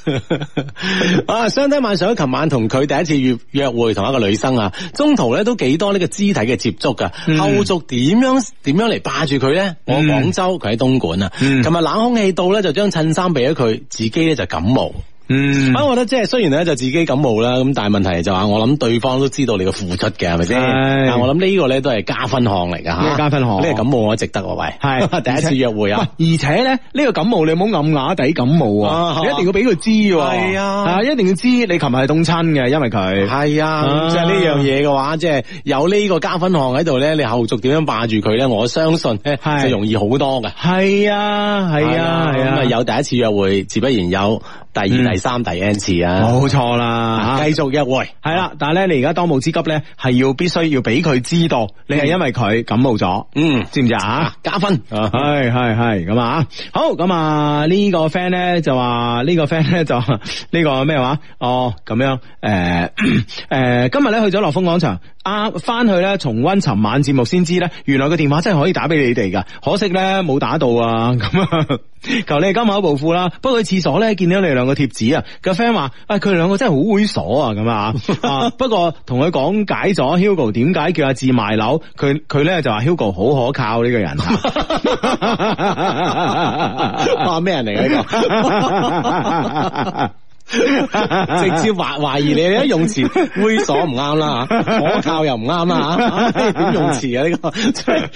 啊， 相睇晚上琴晚同佢第一次約約會，同一個女生啊，中途咧都幾多呢個肢體嘅接觸噶，嗯、後續點樣點樣嚟霸住佢咧？我廣州佢喺東莞啊，琴日、嗯、冷空氣到咧就將襯衫俾咗佢，自己咧就感冒。嗯，啊，我覺得即係雖然咧就自己感冒啦，咁但係問題就話我諗對方都知道你嘅付出嘅係咪先？但我諗呢個咧都係加分項嚟噶吓，加分項，呢個感冒我值得喎喂，係第一次約會啊，而且咧呢個感冒你唔好暗啞底感冒啊，你一定要俾佢知，係啊，啊一定要知你琴日係凍親嘅，因為佢係啊，即係呢樣嘢嘅話，即係有呢個加分項喺度咧，你後續點樣霸住佢咧？我相信係容易好多㗎。係啊係啊係啊，咁啊有第一次約會，自不然有。第二、第三、嗯、第 N 次啊，冇錯啦，繼、啊、續約會係啦，啊、但係咧，你而家當務之急咧，係要必須要俾佢知道，你係因為佢感冒咗，嗯，知唔知啊？加分，係係係咁啊，好，咁啊、呢個、fan 呢、呢個 friend 咧就話呢、這個 friend 咧就呢個咩話？哦，咁樣，誒、呃、誒、呃，今日咧去咗樂豐廣場。翻去咧，重溫尋晚節目先知咧，原來個電話真係可以打俾你哋噶，可惜咧冇打到啊。咁啊，求你哋今晚好暴富啦！不過去廁所咧，見到你哋兩個貼紙啊， 個 friend 話，誒、哎，佢哋兩個真係好猥瑣啊！咁啊，不過同佢講解咗 Hugo 點解叫阿志賣樓，佢佢咧就話 Hugo 好可靠呢個人 啊。話咩人嚟嘅呢？ 直接懷懷疑你，你一用詞猥瑣唔啱啦，火教又唔啱啦，點用詞啊？呢、 這個，係，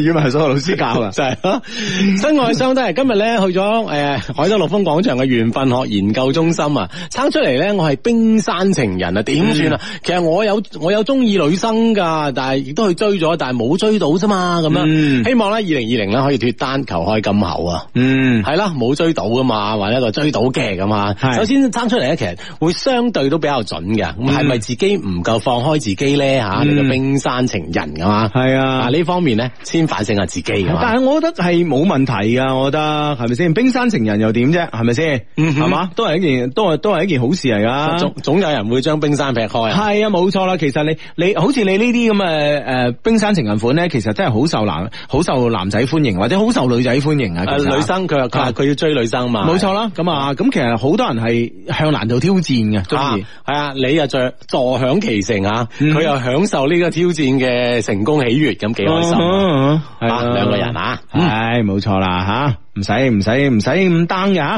全部係老師教噶，就係。新外商都係今日咧去咗誒、呃，海德六峰廣場嘅緣分學研究中心啊。生出嚟咧，我係冰山情人啊，點算啊？嗯、其實我有我有中意女生噶，但係亦都去追咗，但係冇追到咋嘛咁啦。樣嗯、希望咧，二零二零咧可以脫單，求開金口啊。嗯，係啦，冇追到噶嘛，或者係追到嘅。首先爭出嚟咧，其實會相對都比較準嘅。咁係咪自己唔夠放開自己咧？吓，冰山情人㗎嘛，係啊。呢方面咧，先反省下自己。但係我覺得係冇問題噶，我覺得係咪先？冰山情人又點啫？係咪先？係嘛，都係一件，都係都係一件好事嚟噶。總總有人會將冰山劈開。係啊，冇錯啦。其實你你好似你呢啲咁嘅誒冰山情人款咧，其實真係好受男好受男仔歡迎，或者好受女仔歡迎啊。女生佢佢佢要追女生嘛，冇錯啦。咁啊咁。其實好多人係向難度挑戰嘅，係啊，你又着坐享其成啊，佢、嗯、又享受呢個挑戰嘅成功喜悅，咁幾開心啊！係兩個人啊，唉、哎，冇錯啦吓。啊唔使唔使唔使咁 down 㗎吓，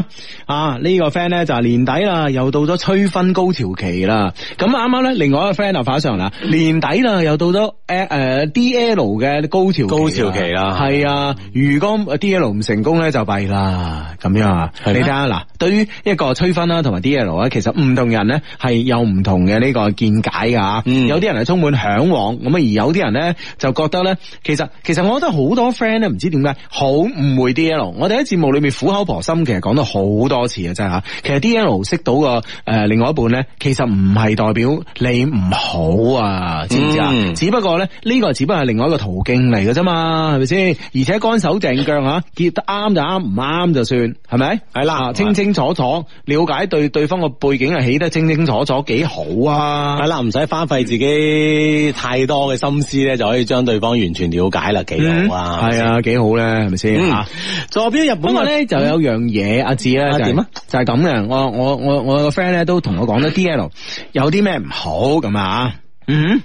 啊、這個、呢個 friend 咧就係、是、年底啦，又到咗催婚高潮期啦。咁啱啱咧，另外一個 friend 就發上啦，嗯、年底啦，又到咗誒誒 D L 嘅高潮高潮期啦，係啊，嗯、如果 D L 唔成功咧就弊嗎啦，咁樣啊。你睇下嗱，對於一個催婚啦，同埋 D L 咧、啊嗯，其實唔同人咧係有唔同嘅呢個見解噶吓，有啲人係充滿向往，咁啊而有啲人咧就覺得咧，其實其實我覺得好多 friend 咧唔知點解好誤會 D L。我哋喺節目裏面苦口婆心，其實講咗好多次啊，真係吓。其實 DL 識到個誒，另外一半咧，其實唔係代表你唔好啊，嗯、知唔知啊？只不過咧，呢、這個只不過係另外一個途徑嚟嘅啫嘛，係咪先？而且乾手淨腳吓，結得啱就啱，唔啱就算，係咪？係啦的，清清楚楚的了解對對方嘅背景係起得清清楚楚，幾好啊！係啦，唔使花費自己太多嘅心思咧，就可以將對方完全了解啦，幾好啊！係、嗯、啊，幾好咧，係咪先？咁我咧就有樣嘢，阿志咧就點啊？就係咁嘅，我我我我個 friend 咧都同我講咗 D L 有啲咩唔好咁啊，嗯。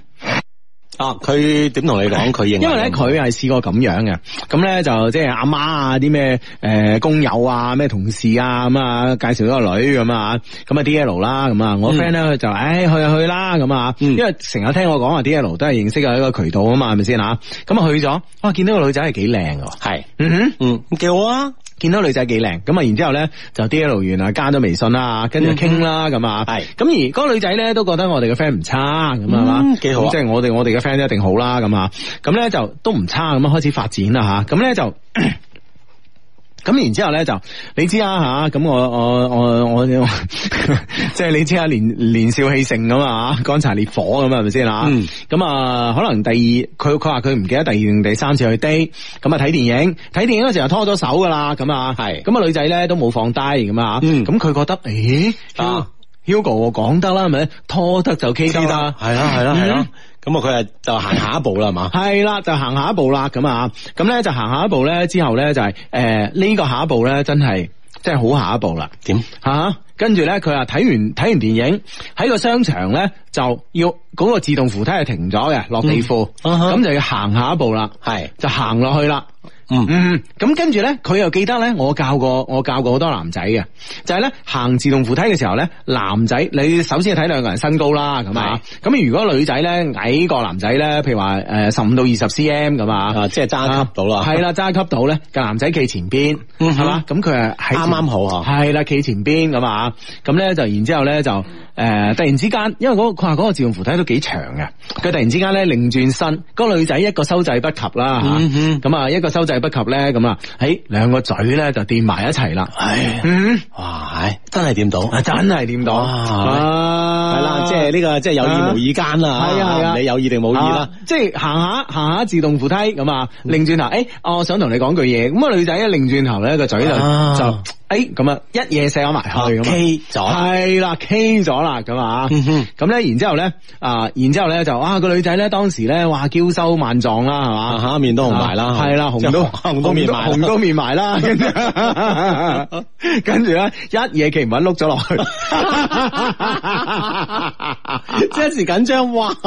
啊！佢點同你講？佢認因為咧，佢係試過咁樣嘅，咁咧就即係阿媽啊，啲咩誒工友啊，咩同事啊，咁啊介紹咗個女咁啊，咁啊，D L 啦，咁啊，我 friend 咧就誒去啊去啦，咁啊，因為成日聽我講話、嗯、D L 都係認識嘅一個渠道啊嘛，係咪先啊？咁啊去咗，哇！見到個女仔係幾靚㗎，係，嗯哼，嗯幾好啊！見到女仔幾靚，咁啊，然之後咧就 D L 完啊，加咗微信啦，跟住傾啦，咁啊，係，咁而嗰個女仔咧都覺得我哋嘅 friend 唔差，咁啊嘛，幾好，即係我哋我哋嘅 friend 一定好啦，咁啊，咁咧就都唔差，咁啊開始發展啦吓，咁咧就。咁然之後咧就你知啊吓，咁我我我我即係 你知啊，年年少氣盛咁啊，乾柴烈火咁啊，係咪先啦？咁啊，可能第二佢佢話佢唔記得第二第三次去 date，咁啊睇電影，睇電影嗰陣就拖咗手噶啦，咁啊係，咁啊女仔咧都冇放低咁、嗯欸、啊，咁佢覺得誒，Hugo 講得啦，係咪？拖得就 k 得，係啦係啦。咁啊，佢啊就行下一步啦，係嘛 吧？係啦，就行下一步啦。咁啊，咁咧就行下一步咧，之後咧就係誒呢個下一步咧，真係真係好下一步啦。點吓樣？跟住咧，佢話睇完睇完電影喺個商場咧，就要嗰、那個自動扶梯係停咗嘅落地庫，咁、嗯啊、就要行下一步啦。係的，就行落去啦。嗯，咁跟住咧，佢又記得咧，我教過我教過好多男仔嘅，就係、是、咧行自動扶梯嘅時候咧，男仔你首先係睇兩個人身高啦，咁啊是，咁如果女仔咧矮過男仔咧，譬如話誒十五到二十 cm 咁啊，即係揸級到啦，係啦、啊，揸級到咧，男仔企前邊，係嘛、嗯，咁佢係啱啱好嗬，係啦，企前邊咁啊，咁咧就然之後咧就。誒！突然之間，因為嗰個話嗰個自動扶梯都幾長嘅，佢突然之間咧擰轉身，個女仔一個收掣不及啦，咁啊、嗯、哼一個收掣不及咧，咁啊，誒兩個嘴咧就掂埋一齊啦，唉嗯哼，哇，真係掂到，真係掂到，係啦哇，即係呢個即係、即係、有意無意間啦，係啊係啊，你有意定冇意啦，即係行下行下自動扶梯咁啊，擰轉頭，誒、嗯哎，我想同你講句嘢，咁、那、啊、個、女仔一擰轉頭咧個嘴就就。啊誒，咁啊，一嘢射咗埋去咁啊，傾咗，係啦，傾咗啦，咁啊，咁咧，然之後咧，啊，然之後咧就，啊，個女仔咧當時咧話嬌羞萬狀啦，係嘛，吓面都紅埋啦，係啦，紅都紅都面埋啦，跟住，跟住咧一嘢企唔穩碌咗落去，一時緊張，哇，好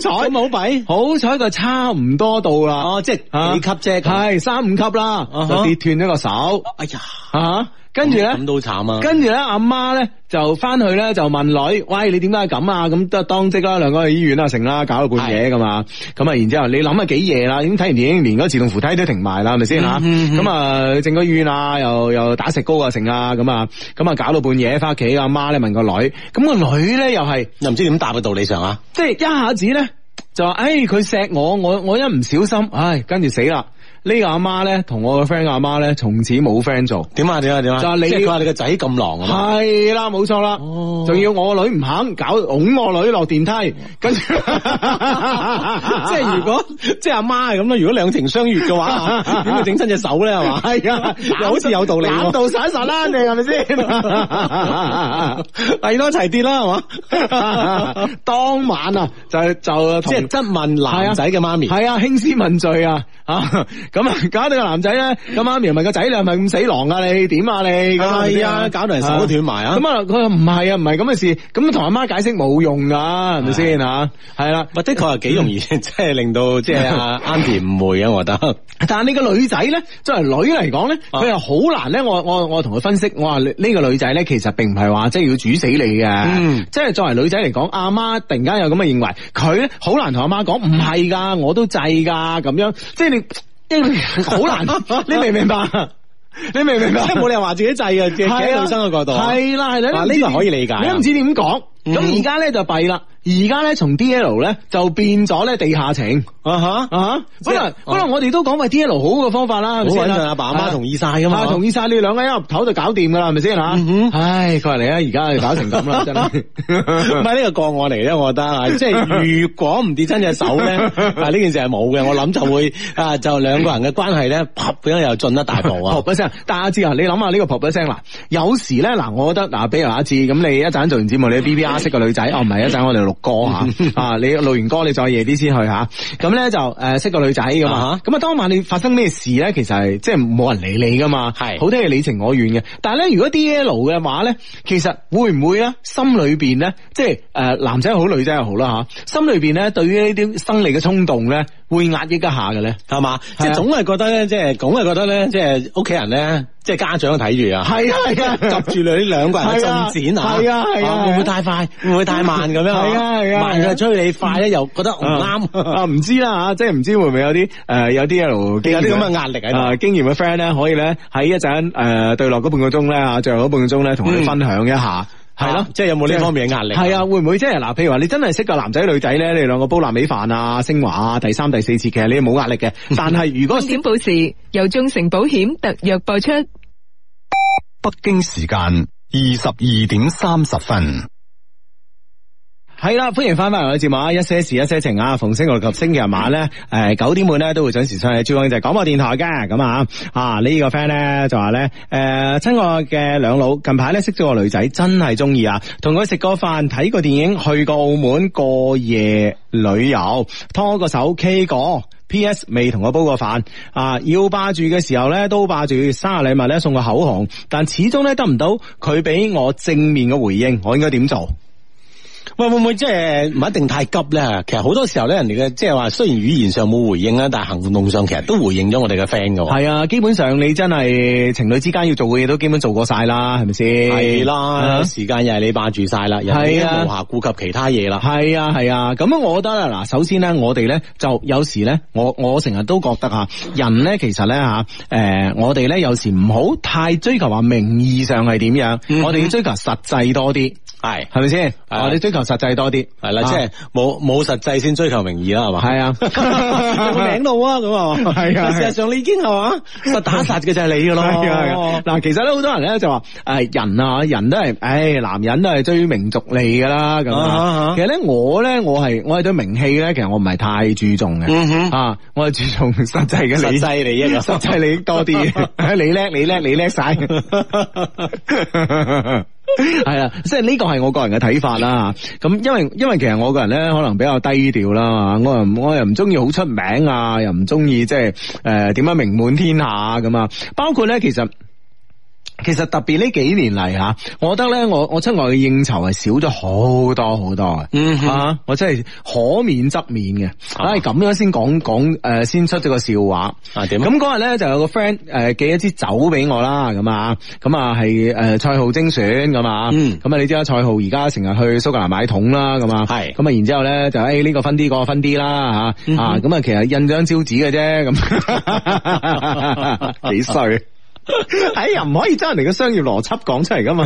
彩冇弊，好彩個差唔多到啦，哦，即係幾級啫，係三五級啦，又跌斷咗個手，哎呀！吓，跟住咧，咁都慘啊！跟住咧，阿媽咧就翻去咧就問女：喂，你點解咁啊？咁都當即啦，兩個去醫院啊，成啦，搞到半夜噶嘛。咁啊是的，然之後你諗下幾夜啦，已經睇完電影，連個自動扶梯都停埋啦，係咪先吓？咁啊，去正個醫院啊，又又打石膏啊，成啊，咁啊，咁啊，搞到半夜翻屋企，阿媽咧問個女，咁個女咧又係，又唔知點答個道理上啊？即係一下子咧就話：誒、哎，佢錫我，我我一唔小心，唉，跟住死啦！呢個阿媽咧，同我個 friend 阿媽咧，從此冇 friend 做。點啊？點啊？點啊？就係你，即係話你個仔咁狼。係啦，冇錯啦。哦，仲要我女唔肯搞，拱我女落電梯。跟住，即係如果即係阿媽係咁咯，如果兩情相悅嘅話，點會整親隻手咧？係嘛？係啊，又好似有道理。難度散一散啦，你係咪先？弊多齊跌啦，係嘛？當晚啊，就就即係質問男仔嘅媽咪。係啊，興師問罪啊，啊！咁啊，搞到個男仔咧，咁阿咪咪個仔，你係咪咁死狼？啊啊哎、呀？你？點啊你？係啊，搞到人手都斷埋啊！咁啊，佢話唔係啊，唔係咁嘅事。咁同阿媽解釋冇用噶，係咪先吓？係啦，啊，的確係幾容易， 即係令到即係阿媽誤會啊！我覺得。但係呢個女仔咧，作為女嚟講咧，佢又好難咧。我我我同佢分析，我話呢個女仔咧，其實並唔係話即係要煮死你嘅，嗯、即係作為女仔嚟講，阿媽突然間有咁嘅認為，佢好難同阿媽講唔係噶，我都制噶咁樣，即係你。因為好難，你明唔 明白？你明唔明白？即係冇理由話自己制嘅，企喺女生嘅角度，係啦，係啦，呢個可以理解，你都唔知點講。咁而家咧就弊啦。而家咧，從 D L 咧就變咗咧地下情啊！嚇啊！可能可能我哋都講話 D L 好嘅方法啦，好穩陣，阿爸阿媽同意晒噶嘛，同意晒你兩個一入頭就搞掂噶啦，係咪先嚇？唉，佢話嚟啊！而家搞成咁啦，真係唔係呢個個案嚟咧？我覺得係，即係如果唔跌親隻手咧，嗱呢件事係冇嘅。我諗就會啊，就兩個人嘅關係咧，啪咁樣又進一大步啊！啵一聲，但係阿志啊，你諗下呢個啵一聲嗱，有時咧嗱，我覺得嗱，比如阿志咁，你一陣做完節目，你 B B R 識個女仔哦，唔係一陣我哋錄。歌吓啊！過 你錄完歌，你再夜啲先去吓。咁咧就誒，啊、識個女仔噶嘛吓。咁啊當晚你發生咩事咧？其實係即係冇人理你噶嘛。係好多嘢係你情我願嘅。但係咧，如果 DL 嘅話咧，其實會唔會咧，心裏邊咧，即係誒、呃、男仔好女仔又好啦吓。心裏邊咧，對於呢啲生理嘅衝動咧，會壓抑一下嘅咧，係嘛吧、啊？即係總係覺得咧，即係總係覺得咧，即係屋企人咧。即係家長睇住啊，係啊係啊，及住你兩個人進展啊，係啊係啊，會唔會太快？會唔會太慢咁樣？係啊係啊，慢就催你快咧，又覺得唔啱啊唔知啦嚇，即係唔知會唔會有啲誒有啲一有啲咁嘅壓力啊，經驗嘅 friend 咧，可以咧喺一陣誒對落嗰半個鐘咧啊，最後嗰半個鐘咧同你分享一下，係咯，即係有冇呢方面嘅壓力？係啊，會唔會即係嗱？譬如話你真係識個男仔女仔咧，你兩個煲南米飯啊、星華啊、第三第四次，其實你冇壓力嘅。但係如果整點報時由忠誠保險特約播出。北京時間二十二點三十分，係啦，歡迎翻返嚟我節目《一些事一些情》啊！逢星期六及星期日晚咧，誒、呃、九點半咧都會準時上喺珠江台廣播電台嘅。咁啊啊呢、這個 friend 咧就話咧，誒、呃，親愛嘅兩老近排咧識咗個女仔，真係中意啊！同佢食過飯，睇過電影，去過澳門過夜旅遊，拖個手 K 過。P.S. 未同我煲過飯啊，要霸住嘅時候咧，都霸住生日禮物咧送個口紅，但始終咧得唔到佢俾我正面嘅回應，我應該點做？喂，會唔會即係唔一定太急咧？吓，其實好多時候咧，人哋嘅即係話，雖然語言上冇回應啦，但係行動上其實都回應咗我哋嘅 friend 喎。係啊，基本上你真係情侶之間要做嘅嘢，都基本做過晒啦，係咪先？係啦，啊，嗯，時間又係你霸住晒啦，有啲無暇顧及其他嘢啦。係啊，係啊，咁、啊、我覺得啦，嗱，首先咧，我哋咧就有時咧，我我成日都覺得啊，人咧其實咧吓，誒，我哋咧有時唔好太追求話名義上係點樣，嗯，哼我哋要追求實際多啲。係，係咪先？哦，你追求實際多啲，係啦，即係冇冇實際先追求名義啦，係嘛？係啊，有名路啊？咁啊，事實上你已經係嘛？實打實嘅就係你噶咯。嗱，其實咧，好多人咧就話，誒，人啊，人都係，唉，男人都係追名逐利噶啦。咁其實咧，我咧，我係我係對名氣咧，其實我唔係太注重嘅。嗯哼，啊，我係注重實際嘅實實際利益啊，實際利益多啲，你叻，你叻，你叻晒。係啊，即係呢個係我個人嘅睇法啦。咁因為因為其實我個人咧，可能比較低調啦，我又我又唔中意好出名啊，又唔中意即係誒點樣名滿天下咁啊。包括咧其實。其實特別呢幾年嚟吓，我覺得咧，我我出外嘅應酬係少咗好多好多嗯吓哼、啊，我真係可免則免嘅，唉咁、啊、樣先講講誒，先、呃、出咗個笑話啊點？咁嗰日咧就有個 friend 誒寄一支酒俾我啦，咁啊，咁啊係誒蔡浩精選咁啊，咁啊、嗯、你知啊，蔡浩而家成日去蘇格蘭買桶啦，咁啊係，咁啊然之後咧就誒呢個分啲，嗰個分啲啦吓啊，咁啊,啊,啊,啊其實印張招紙嘅啫，咁幾衰。嗯哼 哎又唔可以將人哋嘅商業邏輯講出嚟噶嘛？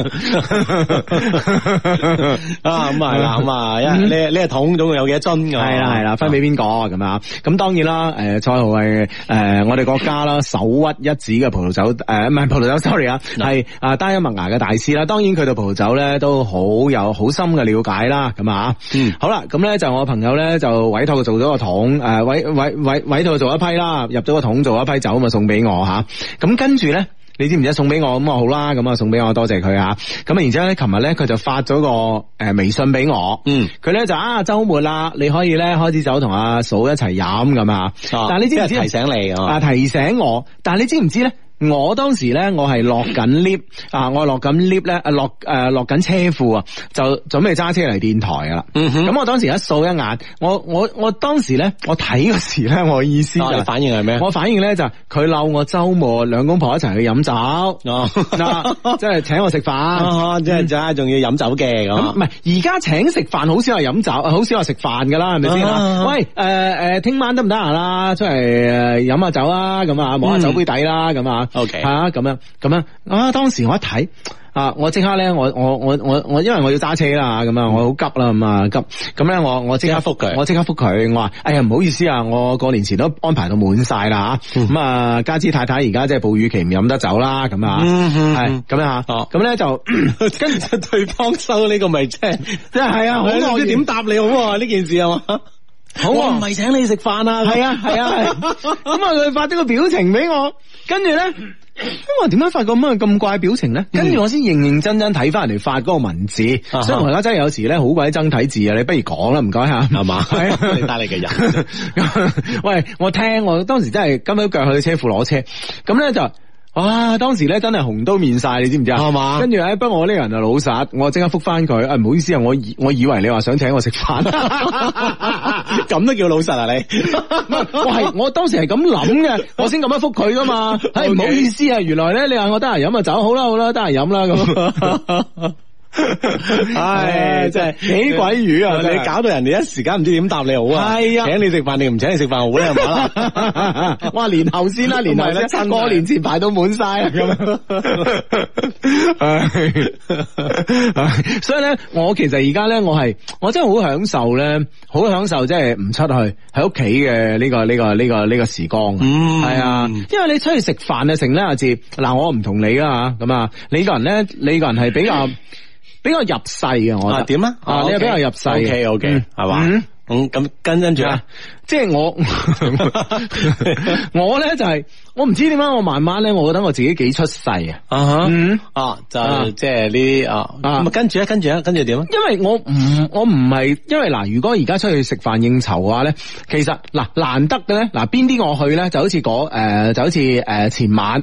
啊咁 啊，咁、嗯、啊，一呢呢個桶總共有幾多樽噶？係啦，係啦，分俾邊個咁啊？咁、嗯、當然啦，誒，蔡浩係誒、呃、我哋國家啦，首屈一指嘅葡萄酒誒，唔、呃、係葡萄酒，sorry 啊，係啊、嗯，單一麥芽嘅大師啦。當然佢對葡萄酒咧都好有好深嘅了解啦。咁啊，嗯、好啦，咁咧就我朋友咧就委託做咗個桶，誒、呃、委委委委託做一批啦，入咗個桶做一批酒咁咪送俾我吓。咁、啊、跟住咧。你知唔知送俾我咁啊？好啦，咁啊送俾我多謝佢啊，咁啊然之後咧，琴日咧佢就發咗個誒微信俾我，嗯，佢咧就啊周末啦，你可以咧開始走同阿嫂一齊飲咁啊，錯但係你知唔知提醒你啊提醒我，但係你知唔知咧？我當時咧，我係落緊 lift，啊，我係落緊 lift 咧，落誒落緊車庫啊，就準備揸車嚟電台噶啦。咁、嗯、哼我當時一掃一眼，我我我當時咧，我睇嗰時咧，我意思就、啊、反應係咩？我反應咧就佢、是、摟我周末兩公婆一齊去飲酒，哦，即係、啊就是、請我食飯、哦嗯啊，即係仲要飲酒嘅咁。唔係而家請食飯好少話飲酒，好少話食飯噶啦，係咪先？啊啊、喂，誒、呃、誒，聽晚得唔得閒啦，出嚟誒飲下酒啦，咁啊摸下酒杯底啦，咁啊、嗯。O K，係啊，咁樣，咁樣啊，當時我一睇啊，我即刻咧，我我我我我，因為我要揸車啦，咁啊，我好急啦，咁啊急，咁咧我我即刻復佢，我即刻復佢，我話，哎呀，唔好意思啊，我過年前都安排到滿晒啦，吓，咁啊，加之太太而家即係哺乳期唔飲得酒啦，咁啊，係，咁樣吓，咁咧就，跟住就對方收呢個，咪即係，即係係啊，我應該點答你好呢件事啊？好、啊，我唔係請你食飯啊！係啊係啊，咁啊佢、啊、 發咗個表情俾我，跟住咧，因為我為點解發個咁咁怪表情咧？跟住、嗯、我先認認真真睇翻人哋發嗰個文字，啊、哈所以同家真係有時咧好鬼憎睇字啊！你不如講啦，唔該吓，係嘛吧？係你帶嚟嘅人， 喂，我聽我當時真係跟屘腳去車庫攞車，咁咧就。哇！當時咧真係紅都面晒，你知唔知啊？係嘛吧？跟住誒，不過我呢個人啊老實，我即刻複翻佢。哎、唔好意思啊，我以我以為你話想請我食飯，咁都叫老實啊？你我係我當時係咁諗嘅，我先咁樣複佢噶嘛。誒，唔好意思啊， 原來咧你話我得閒飲啊酒，好啦好啦，得閒飲啦咁。 唉，真係幾鬼魚啊！你搞到人哋一時間唔知點答你好啊？係啊，請你食飯定唔請你食飯好咧？係咪？哇，年後先啦，年後咧過年前排到滿晒啊！咁樣，唉，所以咧，我其實而家咧，我係我真係好享受咧，好享受即係唔出去喺屋企嘅呢個呢個呢個呢個時光。嗯，係啊，因為你出去食飯啊，成咧阿志，嗱，我唔同你啊吓，咁啊，你個人咧，你個人係比較。比較入世嘅，我覺得，點啊？啊，你又比較入世 OK，OK，係嘛？嗯，咁跟跟住啊，即係我，我咧就係，我唔知點解我慢慢咧，我覺得我自己幾出世啊。啊，嗯，啊，就即係啲啊，咁啊，跟住咧，跟住咧，跟住點啊？因為我唔，我唔係，因為嗱，如果而家出去食飯應酬嘅話咧，其實嗱難得嘅咧，嗱邊啲我去咧，就好似嗰誒，就好似誒前晚。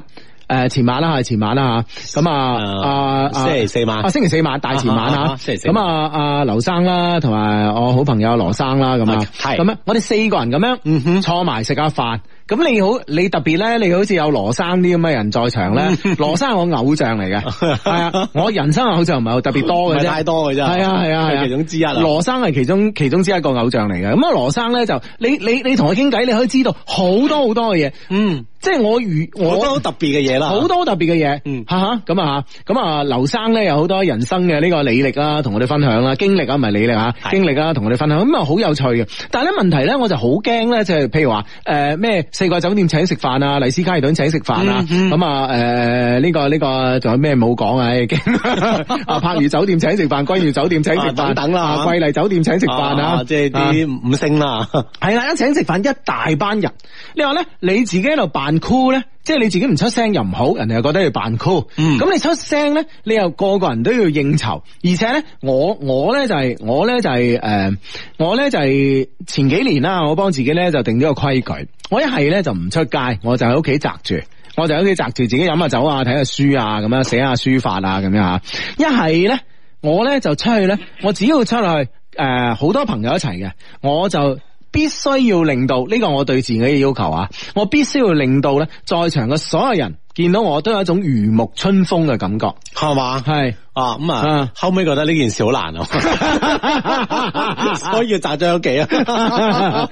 誒，前晚啦，係前晚啦吓，咁啊啊，星期四晚，啊星期四晚大前晚吓，星期四，咁啊啊，劉生啦，同埋我好朋友羅生啦，咁樣，係，啊，咁樣，我哋四個人咁樣，嗯哼，坐埋食下飯。咁你好，你特別咧，你好似有羅生啲咁嘅人在場咧。羅生係我偶像嚟嘅，係啊，我人生偶像唔係好特別多嘅啫，太多嘅啫，係啊，係啊，係其中之一。羅生係其中其中之一個偶像嚟嘅。咁啊，羅生咧就你你你同佢傾偈，你可以知道好多好多嘅嘢，嗯，即係我遇好多好特別嘅嘢啦，好多特別嘅嘢，嗯，吓咁啊吓，咁啊劉生咧有好多人生嘅呢個履歷啊，同我哋分享啦，經歷啊唔係履歷啊，經歷啊同我哋分享咁啊好有趣嘅。但係咧問題咧，我就好驚咧，即係譬如話誒咩？四個酒店請食飯啊，麗思卡爾頓請食飯啊，咁啊，誒呢個呢個仲有咩冇講啊？阿柏如酒店請食飯，君如酒店請食飯，啊、等,等啦，瑰麗、啊、酒店請食飯啊,啊，即係啲五星啦，係啦、啊，一請食飯一大班人，你話咧你自己喺度扮酷咧？即係你自己唔出聲又唔好，人哋又覺得要扮 cool。咁、嗯、你出聲咧，你又個個人都要應酬。而且咧，我我咧就係我咧就係誒，我咧就係、是就是呃就是、前幾年啦，我幫自己咧就定咗個規矩。我一係咧就唔出街，我就喺屋企宅住，我就喺屋企宅住自己飲下酒啊，睇下書啊，咁樣寫下書法啊，咁樣吓。一係咧，我咧就出去咧，我只要出去誒，好、呃、多朋友一齊嘅，我就。必須要令到，呢個我對自己嘅要求啊！我必須要令到咧，在場嘅所有人見到我都有一種如沐春風嘅感覺，係嘛？係。啊咁啊，後尾覺得呢件事好難啊， 所以要宅咗屋企啊，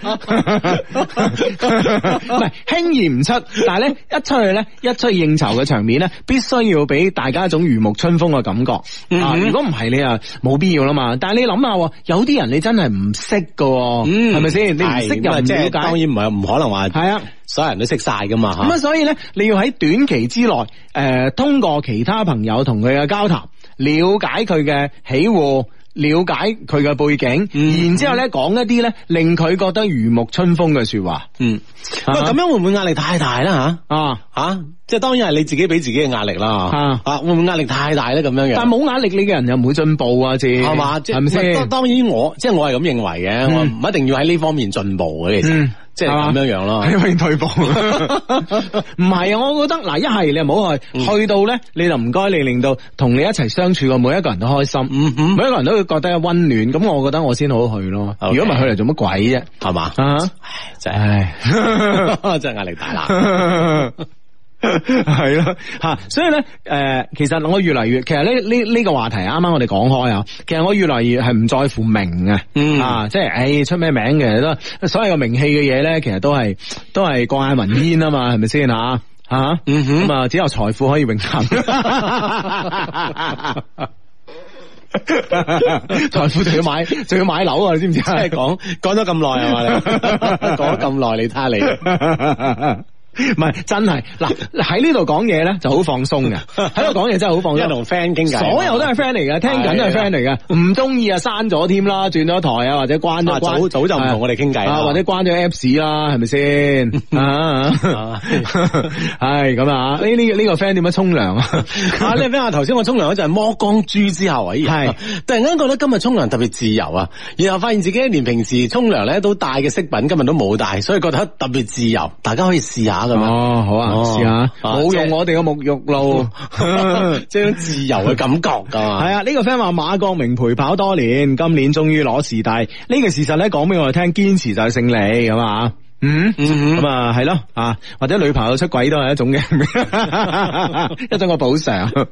唔係輕易唔出。但係咧一出去咧一出去應酬嘅場面咧，必須要俾大家一種如沐春風嘅感覺、嗯、哼啊。如果唔係你啊冇必要啦嘛。但係你諗下，有啲人你真係唔識噶，係咪先？你唔識又唔了解，嗯、是不是當然唔係唔可能話係啊，所有人都識晒噶嘛。咁啊，啊所以咧你要喺短期之內誒、呃，通過其他朋友同佢嘅交談。了解佢嘅喜好，了解佢嘅背景，嗯、然之後咧講一啲咧令佢覺得如沐春風嘅說話。嗯，咁樣會唔會壓力太大啦？吓？啊，吓、啊，即係當然係你自己俾自己嘅壓力啦。會啊，會唔會壓力太大咧咁、啊、樣嘅？但冇壓力，壓力你嘅人又唔會進步啊，啫係嘛？係咪先？當然我即係我係咁認為嘅，嗯、我唔一定要喺呢方面進步嘅，其實、嗯。即係咁樣樣咯吧，係咪要退步？唔係啊，我覺得嗱，一係你唔好去，嗯、去到咧你就唔該你令到同你一齊相處嘅每一個人都開心，嗯嗯，每一個人都會覺得溫暖。咁我覺得我先好去咯。如果唔係去嚟做乜鬼啫，係嘛 吧？ 真係，真係壓力大啦。 係囉，吓 了、啊，所以咧，誒，其實我越嚟越，其實呢呢呢個話題，啱啱我哋講開啊。其實我越來越係唔、這個、在乎名嘅，嗯、啊，即係，誒、欸，出咩名嘅都，所有嘅名氣嘅嘢咧，其實都係都係過眼雲煙啊嘛，係咪先吓？咁啊、嗯哼嗯，只有財富可以永恒，財 富就要買，就要買樓 啊，你知唔知啊？講講咗咁耐啊嘛，講咗咁耐，你睇下你。 唔係真係嗱，喺呢度講嘢咧就好放鬆嘅，喺度講嘢真係好放鬆，同 friend 傾偈，所有都係 friend 嚟嘅，聽緊都係 friend 嚟嘅。唔中意啊，刪咗添啦，轉咗台啊或者關咗，早早就唔同我哋傾偈啦，或者關咗 apps 啦，係咪先？係咁啊，呢呢呢個 friend 點樣沖涼啊？你睇下頭先我沖涼嗰陣摸光豬之後啊，係突然間覺得今日沖涼特別自由啊，然後發現自己連平時沖涼咧都帶嘅飾品今日都冇帶，所以覺得特別自由，大家可以試下。嗯、哦，好啊，試、嗯、下，冇用我哋嘅沐浴露，即係、就是、 自由嘅感覺噶。係啊，呢、呢個 friend 話馬國明陪跑多年，今年終於攞視帝。呢、呢個事實咧，講俾我哋聽，堅持就係勝利咁啊。嗯，咁啊係咯啊，或者女朋友出軌都係一種嘅，一種個補償。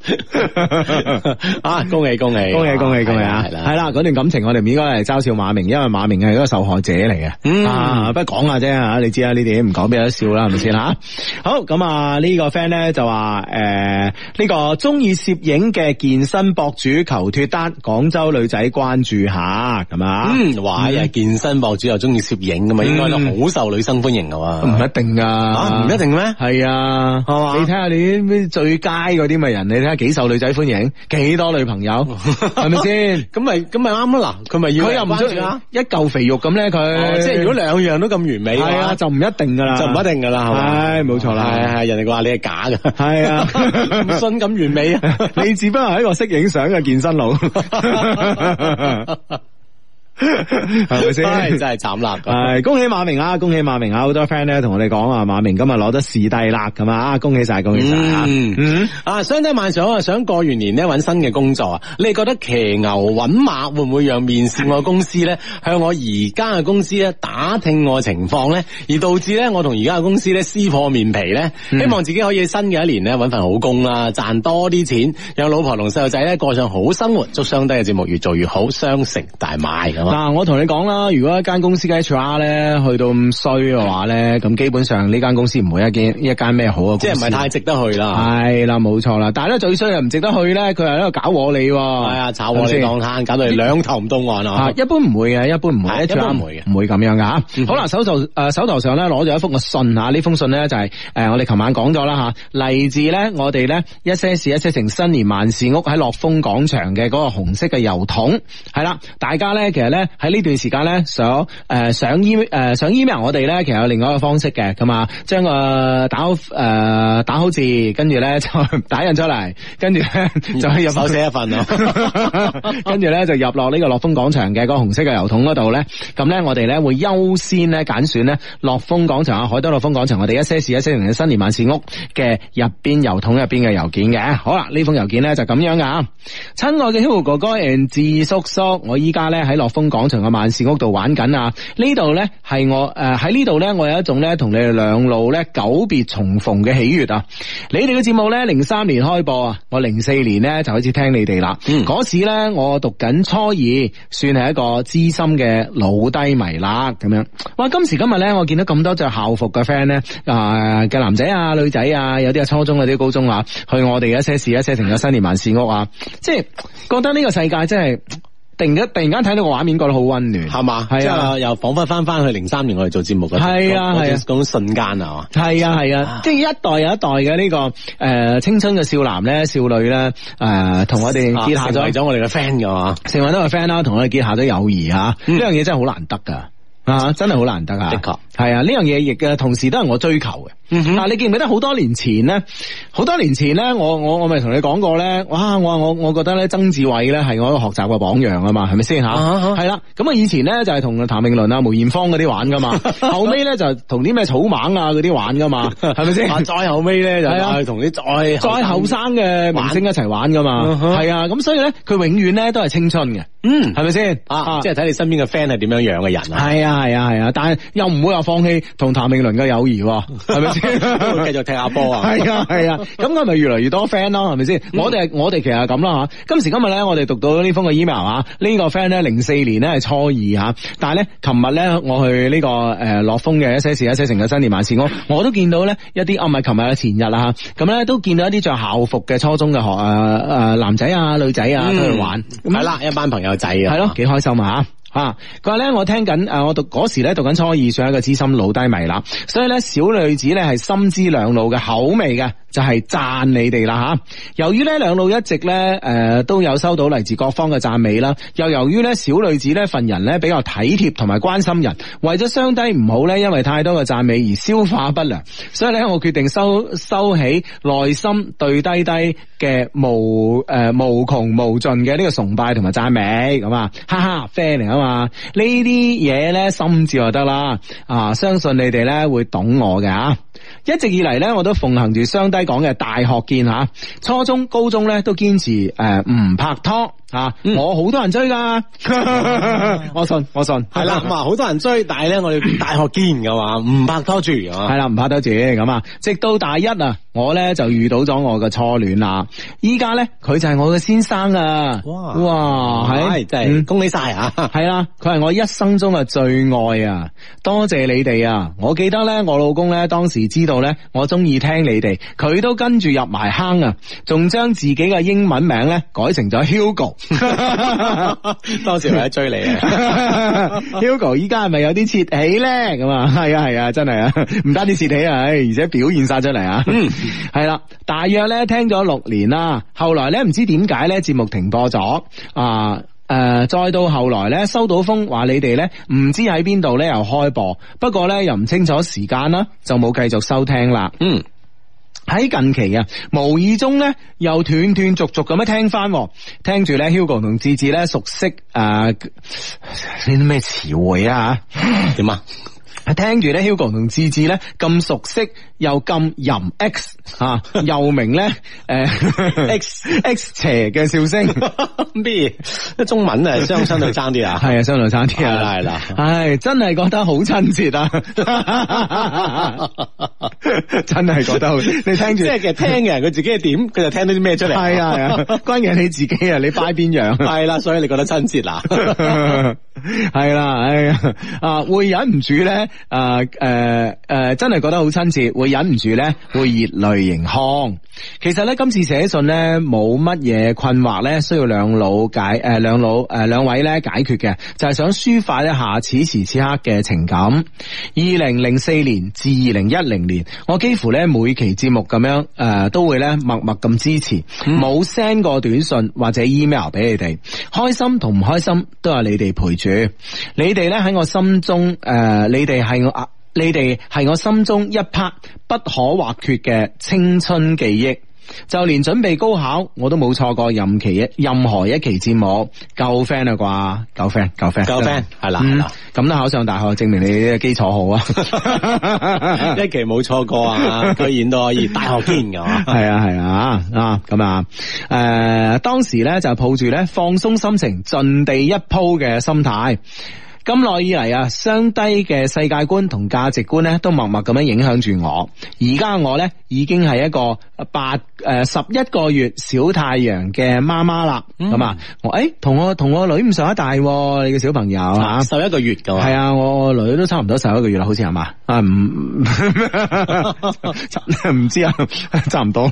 啊，恭喜恭喜恭喜恭喜恭喜啊！係啦，係啦，嗰段感情我哋唔應該係嘲笑馬明，因為馬明係一個受害者嚟嘅。啊，不過講下啫吓，你知啦，你哋唔講咩都笑啦，係咪先吓？好，咁啊呢個 friend 咧就話誒呢個中意攝影嘅健身博主求脱單，廣州女仔關注下，咁啊嗯，哇，健身博主又中意攝影咁啊，應該都好受。女生歡迎噶嘛，唔一定噶，唔一定咩？係啊，係嘛？你睇下你啲最佳嗰啲咪人，你睇下幾受女仔歡迎，幾多女朋友，係咪先？咁咪咁咪啱啦。嗱，佢咪要佢又唔出一嚿肥肉咁咧？佢即係如果兩樣都咁完美，係啊，就唔一定噶啦，就唔一定噶啦，係嘛？冇錯啦，係係人哋話你係假噶，係啊，信咁完美，你只不過係一個識影相嘅健身佬。係咪先？真係慘啦！係恭喜馬明啊！恭喜馬明啊！好多 friend 咧同我哋講啊，馬明今日攞得視帝啦，咁啊，恭喜晒、啊，恭喜晒！嗯嗯，啊、嗯，雙低萬想啊，想過完年呢揾新嘅工作啊，你哋覺得騎牛揾馬會唔會讓面試我嘅公司咧？向我而家嘅公司咧打聽我情況咧，而導致咧我同而家嘅公司咧撕破面皮咧？希望自己可以新嘅一年咧揾份好工啦，賺多啲錢，讓老婆同細路仔咧過上好生活。祝雙低嘅節目越做越好，雙成大賣咁。嗱，我同你講啦，如果一間公司嘅 H R 咧去到咁衰嘅話咧，咁是的 基本上呢間公司唔會一件一間咩好嘅，即係唔係太值得去啦。係啦，冇錯啦。但係咧最衰又唔值得去咧，佢係喺度搞我你，係啊，炒我你浪攤，是搞到你兩頭唔到岸啊。一般唔會嘅，一般唔會，的 H R 一般唔會嘅，唔會咁樣噶吓。好啦，手頭誒手頭上咧攞咗一封嘅信吓，呢封信咧就係誒我哋琴晚講咗啦吓，嚟自咧我哋咧一些事一些情新年萬事屋喺樂豐廣場嘅嗰個紅色嘅郵筒係啦，大家咧其實咧。喺呢段時間咧、呃，想誒、e 呃、想 email 誒想 email 我哋咧，其實有另外一個方式嘅，咁啊，將個打誒、呃、打好字，跟住咧就打印出嚟，跟住咧就喺入手寫一份咯、啊， 跟住咧就入落呢個樂豐廣場嘅個紅色嘅郵筒嗰度咧，咁咧我哋咧會優先咧揀選咧樂豐廣場啊，海德樂豐廣場，我哋一些事一些人嘅新年萬事屋嘅入邊郵筒入邊嘅郵件嘅，好啦，呢封郵件咧就咁、是、樣噶，親愛嘅 Hugo 哥哥 and 智叔叔，我依家咧喺樂豐廣場嘅萬事屋度玩緊啊！呢度呢係我誒喺呢度呢，我有一種呢同你哋兩路呢久別重逢嘅喜悅啊！你哋嘅節目呢，零三年開播啊，我零四年呢，就開始聽你哋啦。嗰、嗯、時呢，我讀緊初二，算係一個資深嘅老低迷啦，咁樣。哇！今時今日呢，我見到咁多着校服嘅 fan 咧、呃，啊嘅男仔啊、女仔啊，有啲係初中，有啲高中啊，去我哋嘅一些事、一些情嘅新年萬事屋啊，即係覺得呢個世界真係～突然一突然間睇到個畫面，覺得好温暖，係嘛？係啊，又仿佛翻翻去零三年我哋做節目嗰陣時，係啊係啊，咁瞬間啊嘛。係啊係啊，即係一代有一代嘅呢個誒青春嘅少男咧少女咧誒，同我哋結下咗，成為咗我哋嘅 friend 嘅嘛，成為咗我哋 friend 啦，同我哋結下咗友誼啊。呢樣嘢真係好難得噶，啊真係好難得啊。係啊，呢樣嘢亦嘅同時都係我追求嘅。嗯、哼但係你記唔記得好多年前咧？好多年前咧，我我我咪同你講過咧，哇！我我我覺得咧，曾志偉咧係我一個學習嘅榜樣啊嘛，係咪先吓？係啦、啊，咁啊以前咧就係同譚詠麟啊、梅艷芳嗰啲玩噶嘛， 後尾咧就同啲咩草蜢啊嗰啲玩噶嘛，係咪先？再後尾咧就係同啲再再後生嘅明星一齊玩噶嘛，係啊。咁、啊啊、所以咧，佢永遠咧都係青春嘅，嗯，係咪先啊？即係睇你身邊嘅 friend 係點樣樣嘅人啊？係啊，係啊，係啊，但係又唔會話。放棄同譚詠麟嘅友誼，係咪先？繼 續踢下波啊！係啊係啊，咁佢咪越嚟越多 friend 咯，係咪先？嗯、我哋我哋其實咁啦吓，今時今日咧，我哋讀到呢封嘅 email 啊，呢個 friend 咧，零四年咧係初二吓，但係咧，琴日咧我去呢個誒樂豐嘅一些事一些情嘅新年晚事屋，我都見到咧一啲哦，唔係琴日啊前日啦吓，咁咧都見到一啲着校服嘅初中嘅學誒誒男仔啊女仔啊出去、嗯、玩，係啦一班朋友仔啊，係咯幾開心啊吓！啊！佢話咧，我聽緊誒，我讀嗰時咧讀緊初二，上一個資深老低迷啦，所以咧小女子咧係心知兩老嘅口味嘅，就係、是、讚你哋啦吓。由於咧兩老一直咧誒都有收到嚟自各方嘅讚美啦，又由於咧小女子咧份人咧比較體貼同埋關心人，為咗雙低唔好咧，因為太多嘅讚美而消化不良，所以咧我決定收收起內心對低低嘅無誒、呃、無窮無盡嘅呢個崇拜同埋讚美咁啊，哈哈啡嚟啊啊呢啲嘢咧，心照就得啦。啊，相信你哋咧會懂我嘅吓。一直以嚟咧，我都奉行住雙低講嘅大學見吓，初中、高中咧都堅持誒唔、呃、拍拖吓。啊嗯、我好多人追噶、嗯， 我信我信係啦。咁啊了，好 多人追，但係咧我哋大學見嘅話唔拍，拍拖住，係啦，唔拍拖住咁啊。直到大一啊，我咧就遇到咗我嘅初戀啦。依家咧佢就係我嘅先生啊！哇，係真係恭喜晒吓、啊，係 啦，佢係我一生中嘅最愛啊！多謝你哋啊！我記得咧，我老公咧當時。知道咧，我中意聽你哋，佢都跟住入埋坑啊，仲將自己嘅英文名咧改成咗 Hugo，當 時為咗追你啊 ，Hugo 依家係咪有啲竊喜咧？咁 啊，係啊係啊，真係啊，唔單止竊喜啊，而且表現晒出嚟 啊，係啦，大約咧聽咗六年啦，後來咧唔知點解咧節目停播咗啊。呃誒、呃，再到後來呢，收到風話你哋呢唔知喺邊度呢又開播，不過呢又唔清楚時間啦，就冇繼續收聽啦。嗯，喺近期斷斷續續芝芝、呃、啊，無意中呢又斷斷續續咁樣聽翻，聽住呢 Hugo 同志志呢熟悉呢啲咩詞彙啊？點啊？係聽住咧，Hugo 同志志咧咁熟悉又咁淫 X、啊、又名咧誒、呃、X X 邪嘅笑聲，B，中文呢，相相對差啲啊，係啊，相對差啲啊，係啦，係了了真係覺得好親切啊， 真係覺得好，你聽住即係其實聽嘅人佢自己係點，佢就聽到啲咩出嚟，係啊，關鍵係你自己啊，你 buy 邊樣？邊樣，係啦，所以你覺得親切啦、啊。 係啦，哎呀，啊會忍唔住咧，誒誒誒，真係覺得好親切，會忍唔住咧，會熱淚盈眶。其實咧，今次寫信咧，冇乜嘢困惑咧，需要兩老解誒、呃，兩老誒、呃、兩位咧解決嘅，就係、是、想抒發一下此時此，此刻嘅情感。二零零四年至二零一零年，我幾乎咧每期節目咁樣誒、呃，都會咧默默咁支持，冇、嗯、send 過短信或者 email 俾你哋，開心同唔開心都係你哋陪住。你哋咧喺我心中，誒，你哋係我，啊，你哋係我心中一 part 不可或缺嘅青春記憶。就連準備高考，我都冇錯過任期任何一期節目，夠 friend 啦啩？夠 friend，夠 friend，夠 friend 係啦，咁都考上大學，證明你嘅基礎好啊！一期冇錯過啊，居然都可以大學堅嘅，啊， 係啊係啊吓啊咁啊，誒、啊呃、當時咧就抱住咧放鬆心情，盡地一鋪嘅心態。咁耐以嚟啊，相低嘅世界觀同價值觀咧，都默默咁樣影響住我。而家我咧已經係一個八誒十一個月小太陽嘅媽媽啦。咁啊、嗯，我誒同、哎、我同我女唔上一大，你嘅小朋友吓，十一個月噶。係啊，我女都差唔多十一個月啦，好似係嘛啊，唔知啊，差唔多，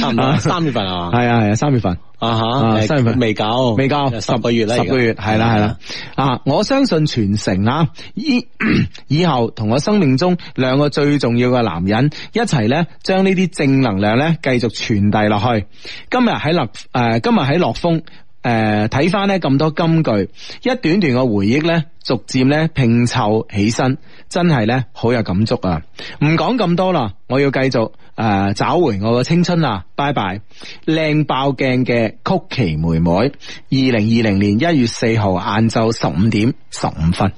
差唔多，三月份啊，係啊，係啊，三月份。啊吓，三月份未夠，未、huh, 夠十個月啦，十個月係啦係啦，啊我相信傳承啦，以以後同我生命中兩個最重要嘅男人一齊咧，將呢啲正能量咧繼續傳遞落去。今日喺樂誒，今日喺樂峰誒，睇翻咧咁多金句，一段段嘅回憶咧。逐漸咧拼湊起身，真係咧好有感觸啊！唔講咁多啦，我要繼續誒、呃、找回我嘅青春啦拜拜，靚爆鏡嘅曲奇妹妹，二零二零年一月四號晏晝十五點十五分，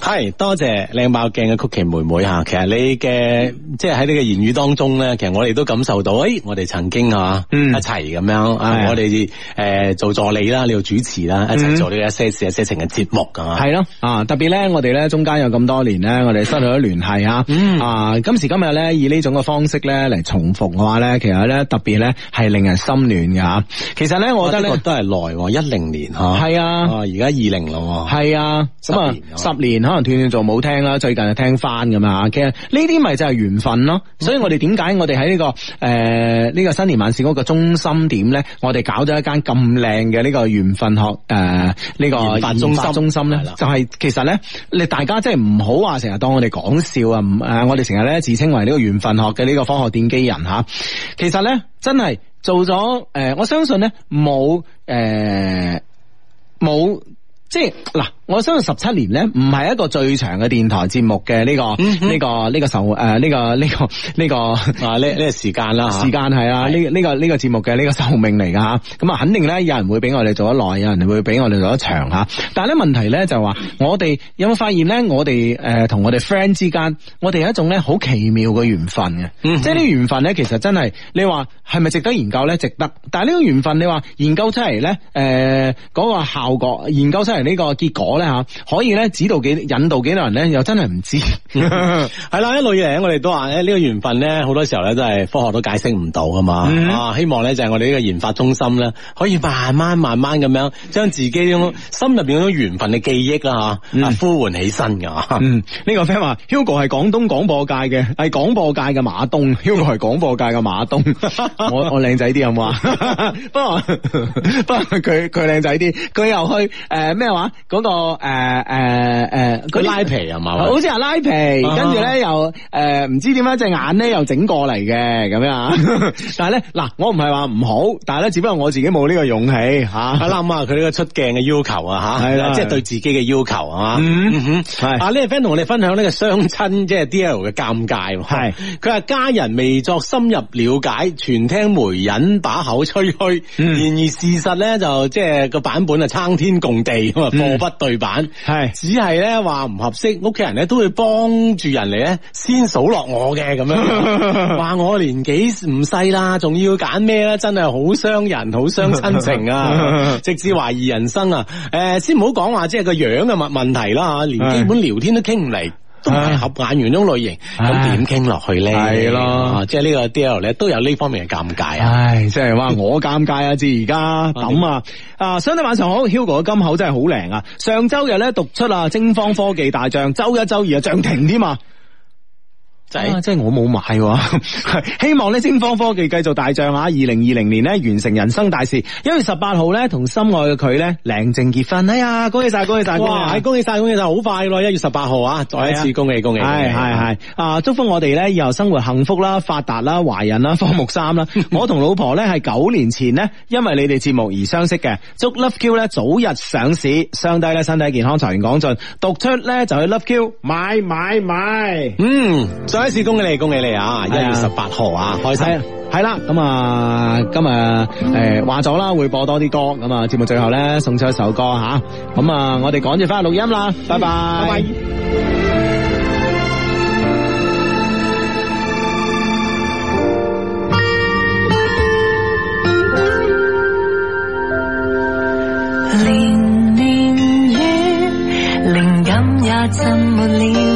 係多謝靚爆鏡嘅曲奇妹妹吓。其實你嘅即係喺你嘅言語當中咧，其實我哋都感受到，誒、哎，我哋曾經啊，一齊咁樣啊，我哋誒做助理啦，的你要主持啦，一齊做呢個一些事一些情嘅節目噶嘛，係啦、嗯。啊！特別咧，我哋咧中間有咁多年咧，我哋失去咗聯繫啊！啊，今時今日咧，以呢種嘅方式咧嚟重逢嘅話咧，其實咧特別咧係令人心暖㗎。其實咧，我覺得咧都係耐一零年吓，係啊，而家二零嘞，係啊，咁啊十年可能斷斷續續冇聽啦，最近就聽翻咁啊。其實呢啲咪就係緣分咯。所以我哋點解我哋喺呢個誒呢個新年晚市嗰個中心點咧，我哋搞咗一間咁靚嘅呢個緣分學誒呢個研發中心咧。係其實咧，你大家即係唔好話成日當我哋講笑啊！唔誒，我哋成日咧自稱為呢個緣分學嘅呢個科學奠基人吓，其實咧真係做咗誒，我相信咧冇誒冇即係嗱。我相信十七年咧，唔係一個最長嘅電台節目嘅呢、呢個呢、嗯哼呢個呢、呢個壽誒呢個呢、呢個呢、呢個啊呢呢個時間啦，嗯、時間係啊呢呢個呢、呢個節目嘅呢、呢個壽命嚟噶吓，咁啊肯定咧有人會俾我哋做得耐，有人會俾我哋做得長吓。但係咧問題咧就話，我哋有冇發現咧？我哋誒同我哋 friend 之間，我哋有一種咧好奇妙嘅緣分嘅，嗯、哼即係啲緣分咧其實真係，你話係咪值得研究咧？值得。但係呢個緣分，你話研究出嚟咧，誒、呃嗰個效果，研究出嚟呢個結果。吓，可以咧指導幾引導幾多人咧，又真係唔知。係 啦，一路嚟我哋都話咧，呢、這個緣分咧，好多時候咧，真係科學都解釋唔到㗎嘛。嗯、啊，希望咧就係我哋呢個研發中心咧，可以慢慢慢慢咁樣將自己咁、嗯、心入邊嗰種緣分嘅記憶啦、啊、嚇，啊呼喚起身㗎、嗯。嗯，呢、這個 friend 話，Hugo 係廣東廣播界嘅，係廣播界嘅馬東。Hugo 係廣播界嘅馬東。 我我靚仔啲有冇啊？ 不過 不過佢佢靚仔啲，佢又去誒咩話嗰個。誒誒誒，佢、啊啊啊、拉皮啊嘛？好似係拉皮，跟住咧又誒，唔、啊、知點解隻眼咧又整過嚟嘅咁樣。樣 但係咧，嗱，我唔係話唔好，但係咧，只不過我自己冇呢個勇氣吓。係啦，咁佢呢個出鏡嘅要求啊，吓係啦，即係對自己嘅要求係嘛。啊，呢個 friend 同我哋分享呢個相親，即係 D L 嘅尷尬，係佢話家人未作深入了解，全聽媒人把口吹噓，嗯、然而事實咧就即係個版本啊，差天共地，貨不對。嗯版係是只係咧話唔合適，屋企人咧都會幫住人嚟咧先數落我嘅咁樣，話我年紀唔細啦，仲要揀咩咧？真係好傷人，好傷親情啊！ 直至懷疑人生啊！誒，先唔好講話，即係個樣嘅問問題啦，連基本聊天都傾唔嚟。合眼緣種類型，咁點傾落去咧？係咯了，即係呢個 d e l 咧都有呢方面嘅尷尬，唉、就是、我尷尬啊！即係話我尷尬啊！至而家咁啊！啊，兄弟晚上好，Hugo 嘅金口真係好靚啊！上周日咧讀出啊，精方科技大漲，周一周二啊漲停添嘛。啊、即係我冇買，喎， 希望呢星方科技繼續大漲。下二零二零年呢完成人生大事，一月十八號呢同心愛嘅佢呢領證結婚。哎呀，恭喜晒，恭喜晒，恭喜晒，恭喜晒，好快咯！一月十八號啊，再一次恭喜，恭喜，係係係。啊，祝福我哋呢以後生活幸福啦，發達啦，懷孕啦，科目三啦。 我同老婆呢係九年前呢，因為你哋節目而相識嘅。祝 Love Q 呢早日上市，相低呢身體健康財源廣進，讀出呢就去 Love Q 買買買，買買嗯。再一次恭喜你，恭喜你啊！一月十八號啊，開心係啦。咁啊，今日誒話咗啦，會播多啲歌。咁啊，節目最後咧，送出一首歌吓。咁啊，我哋趕住翻去錄音啦。嗯、拜拜。拜拜年年雨，靈感也浸沒了。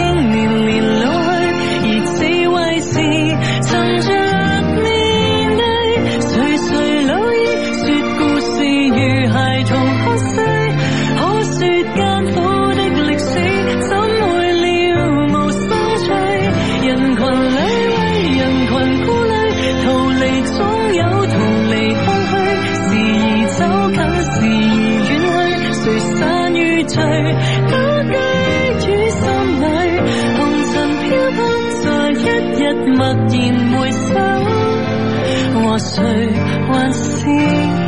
驀然回首，和誰還是？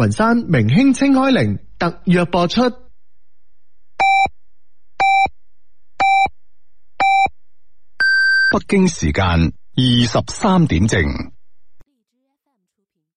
雲山明星清開靈特約播出，北京時間二十三點正。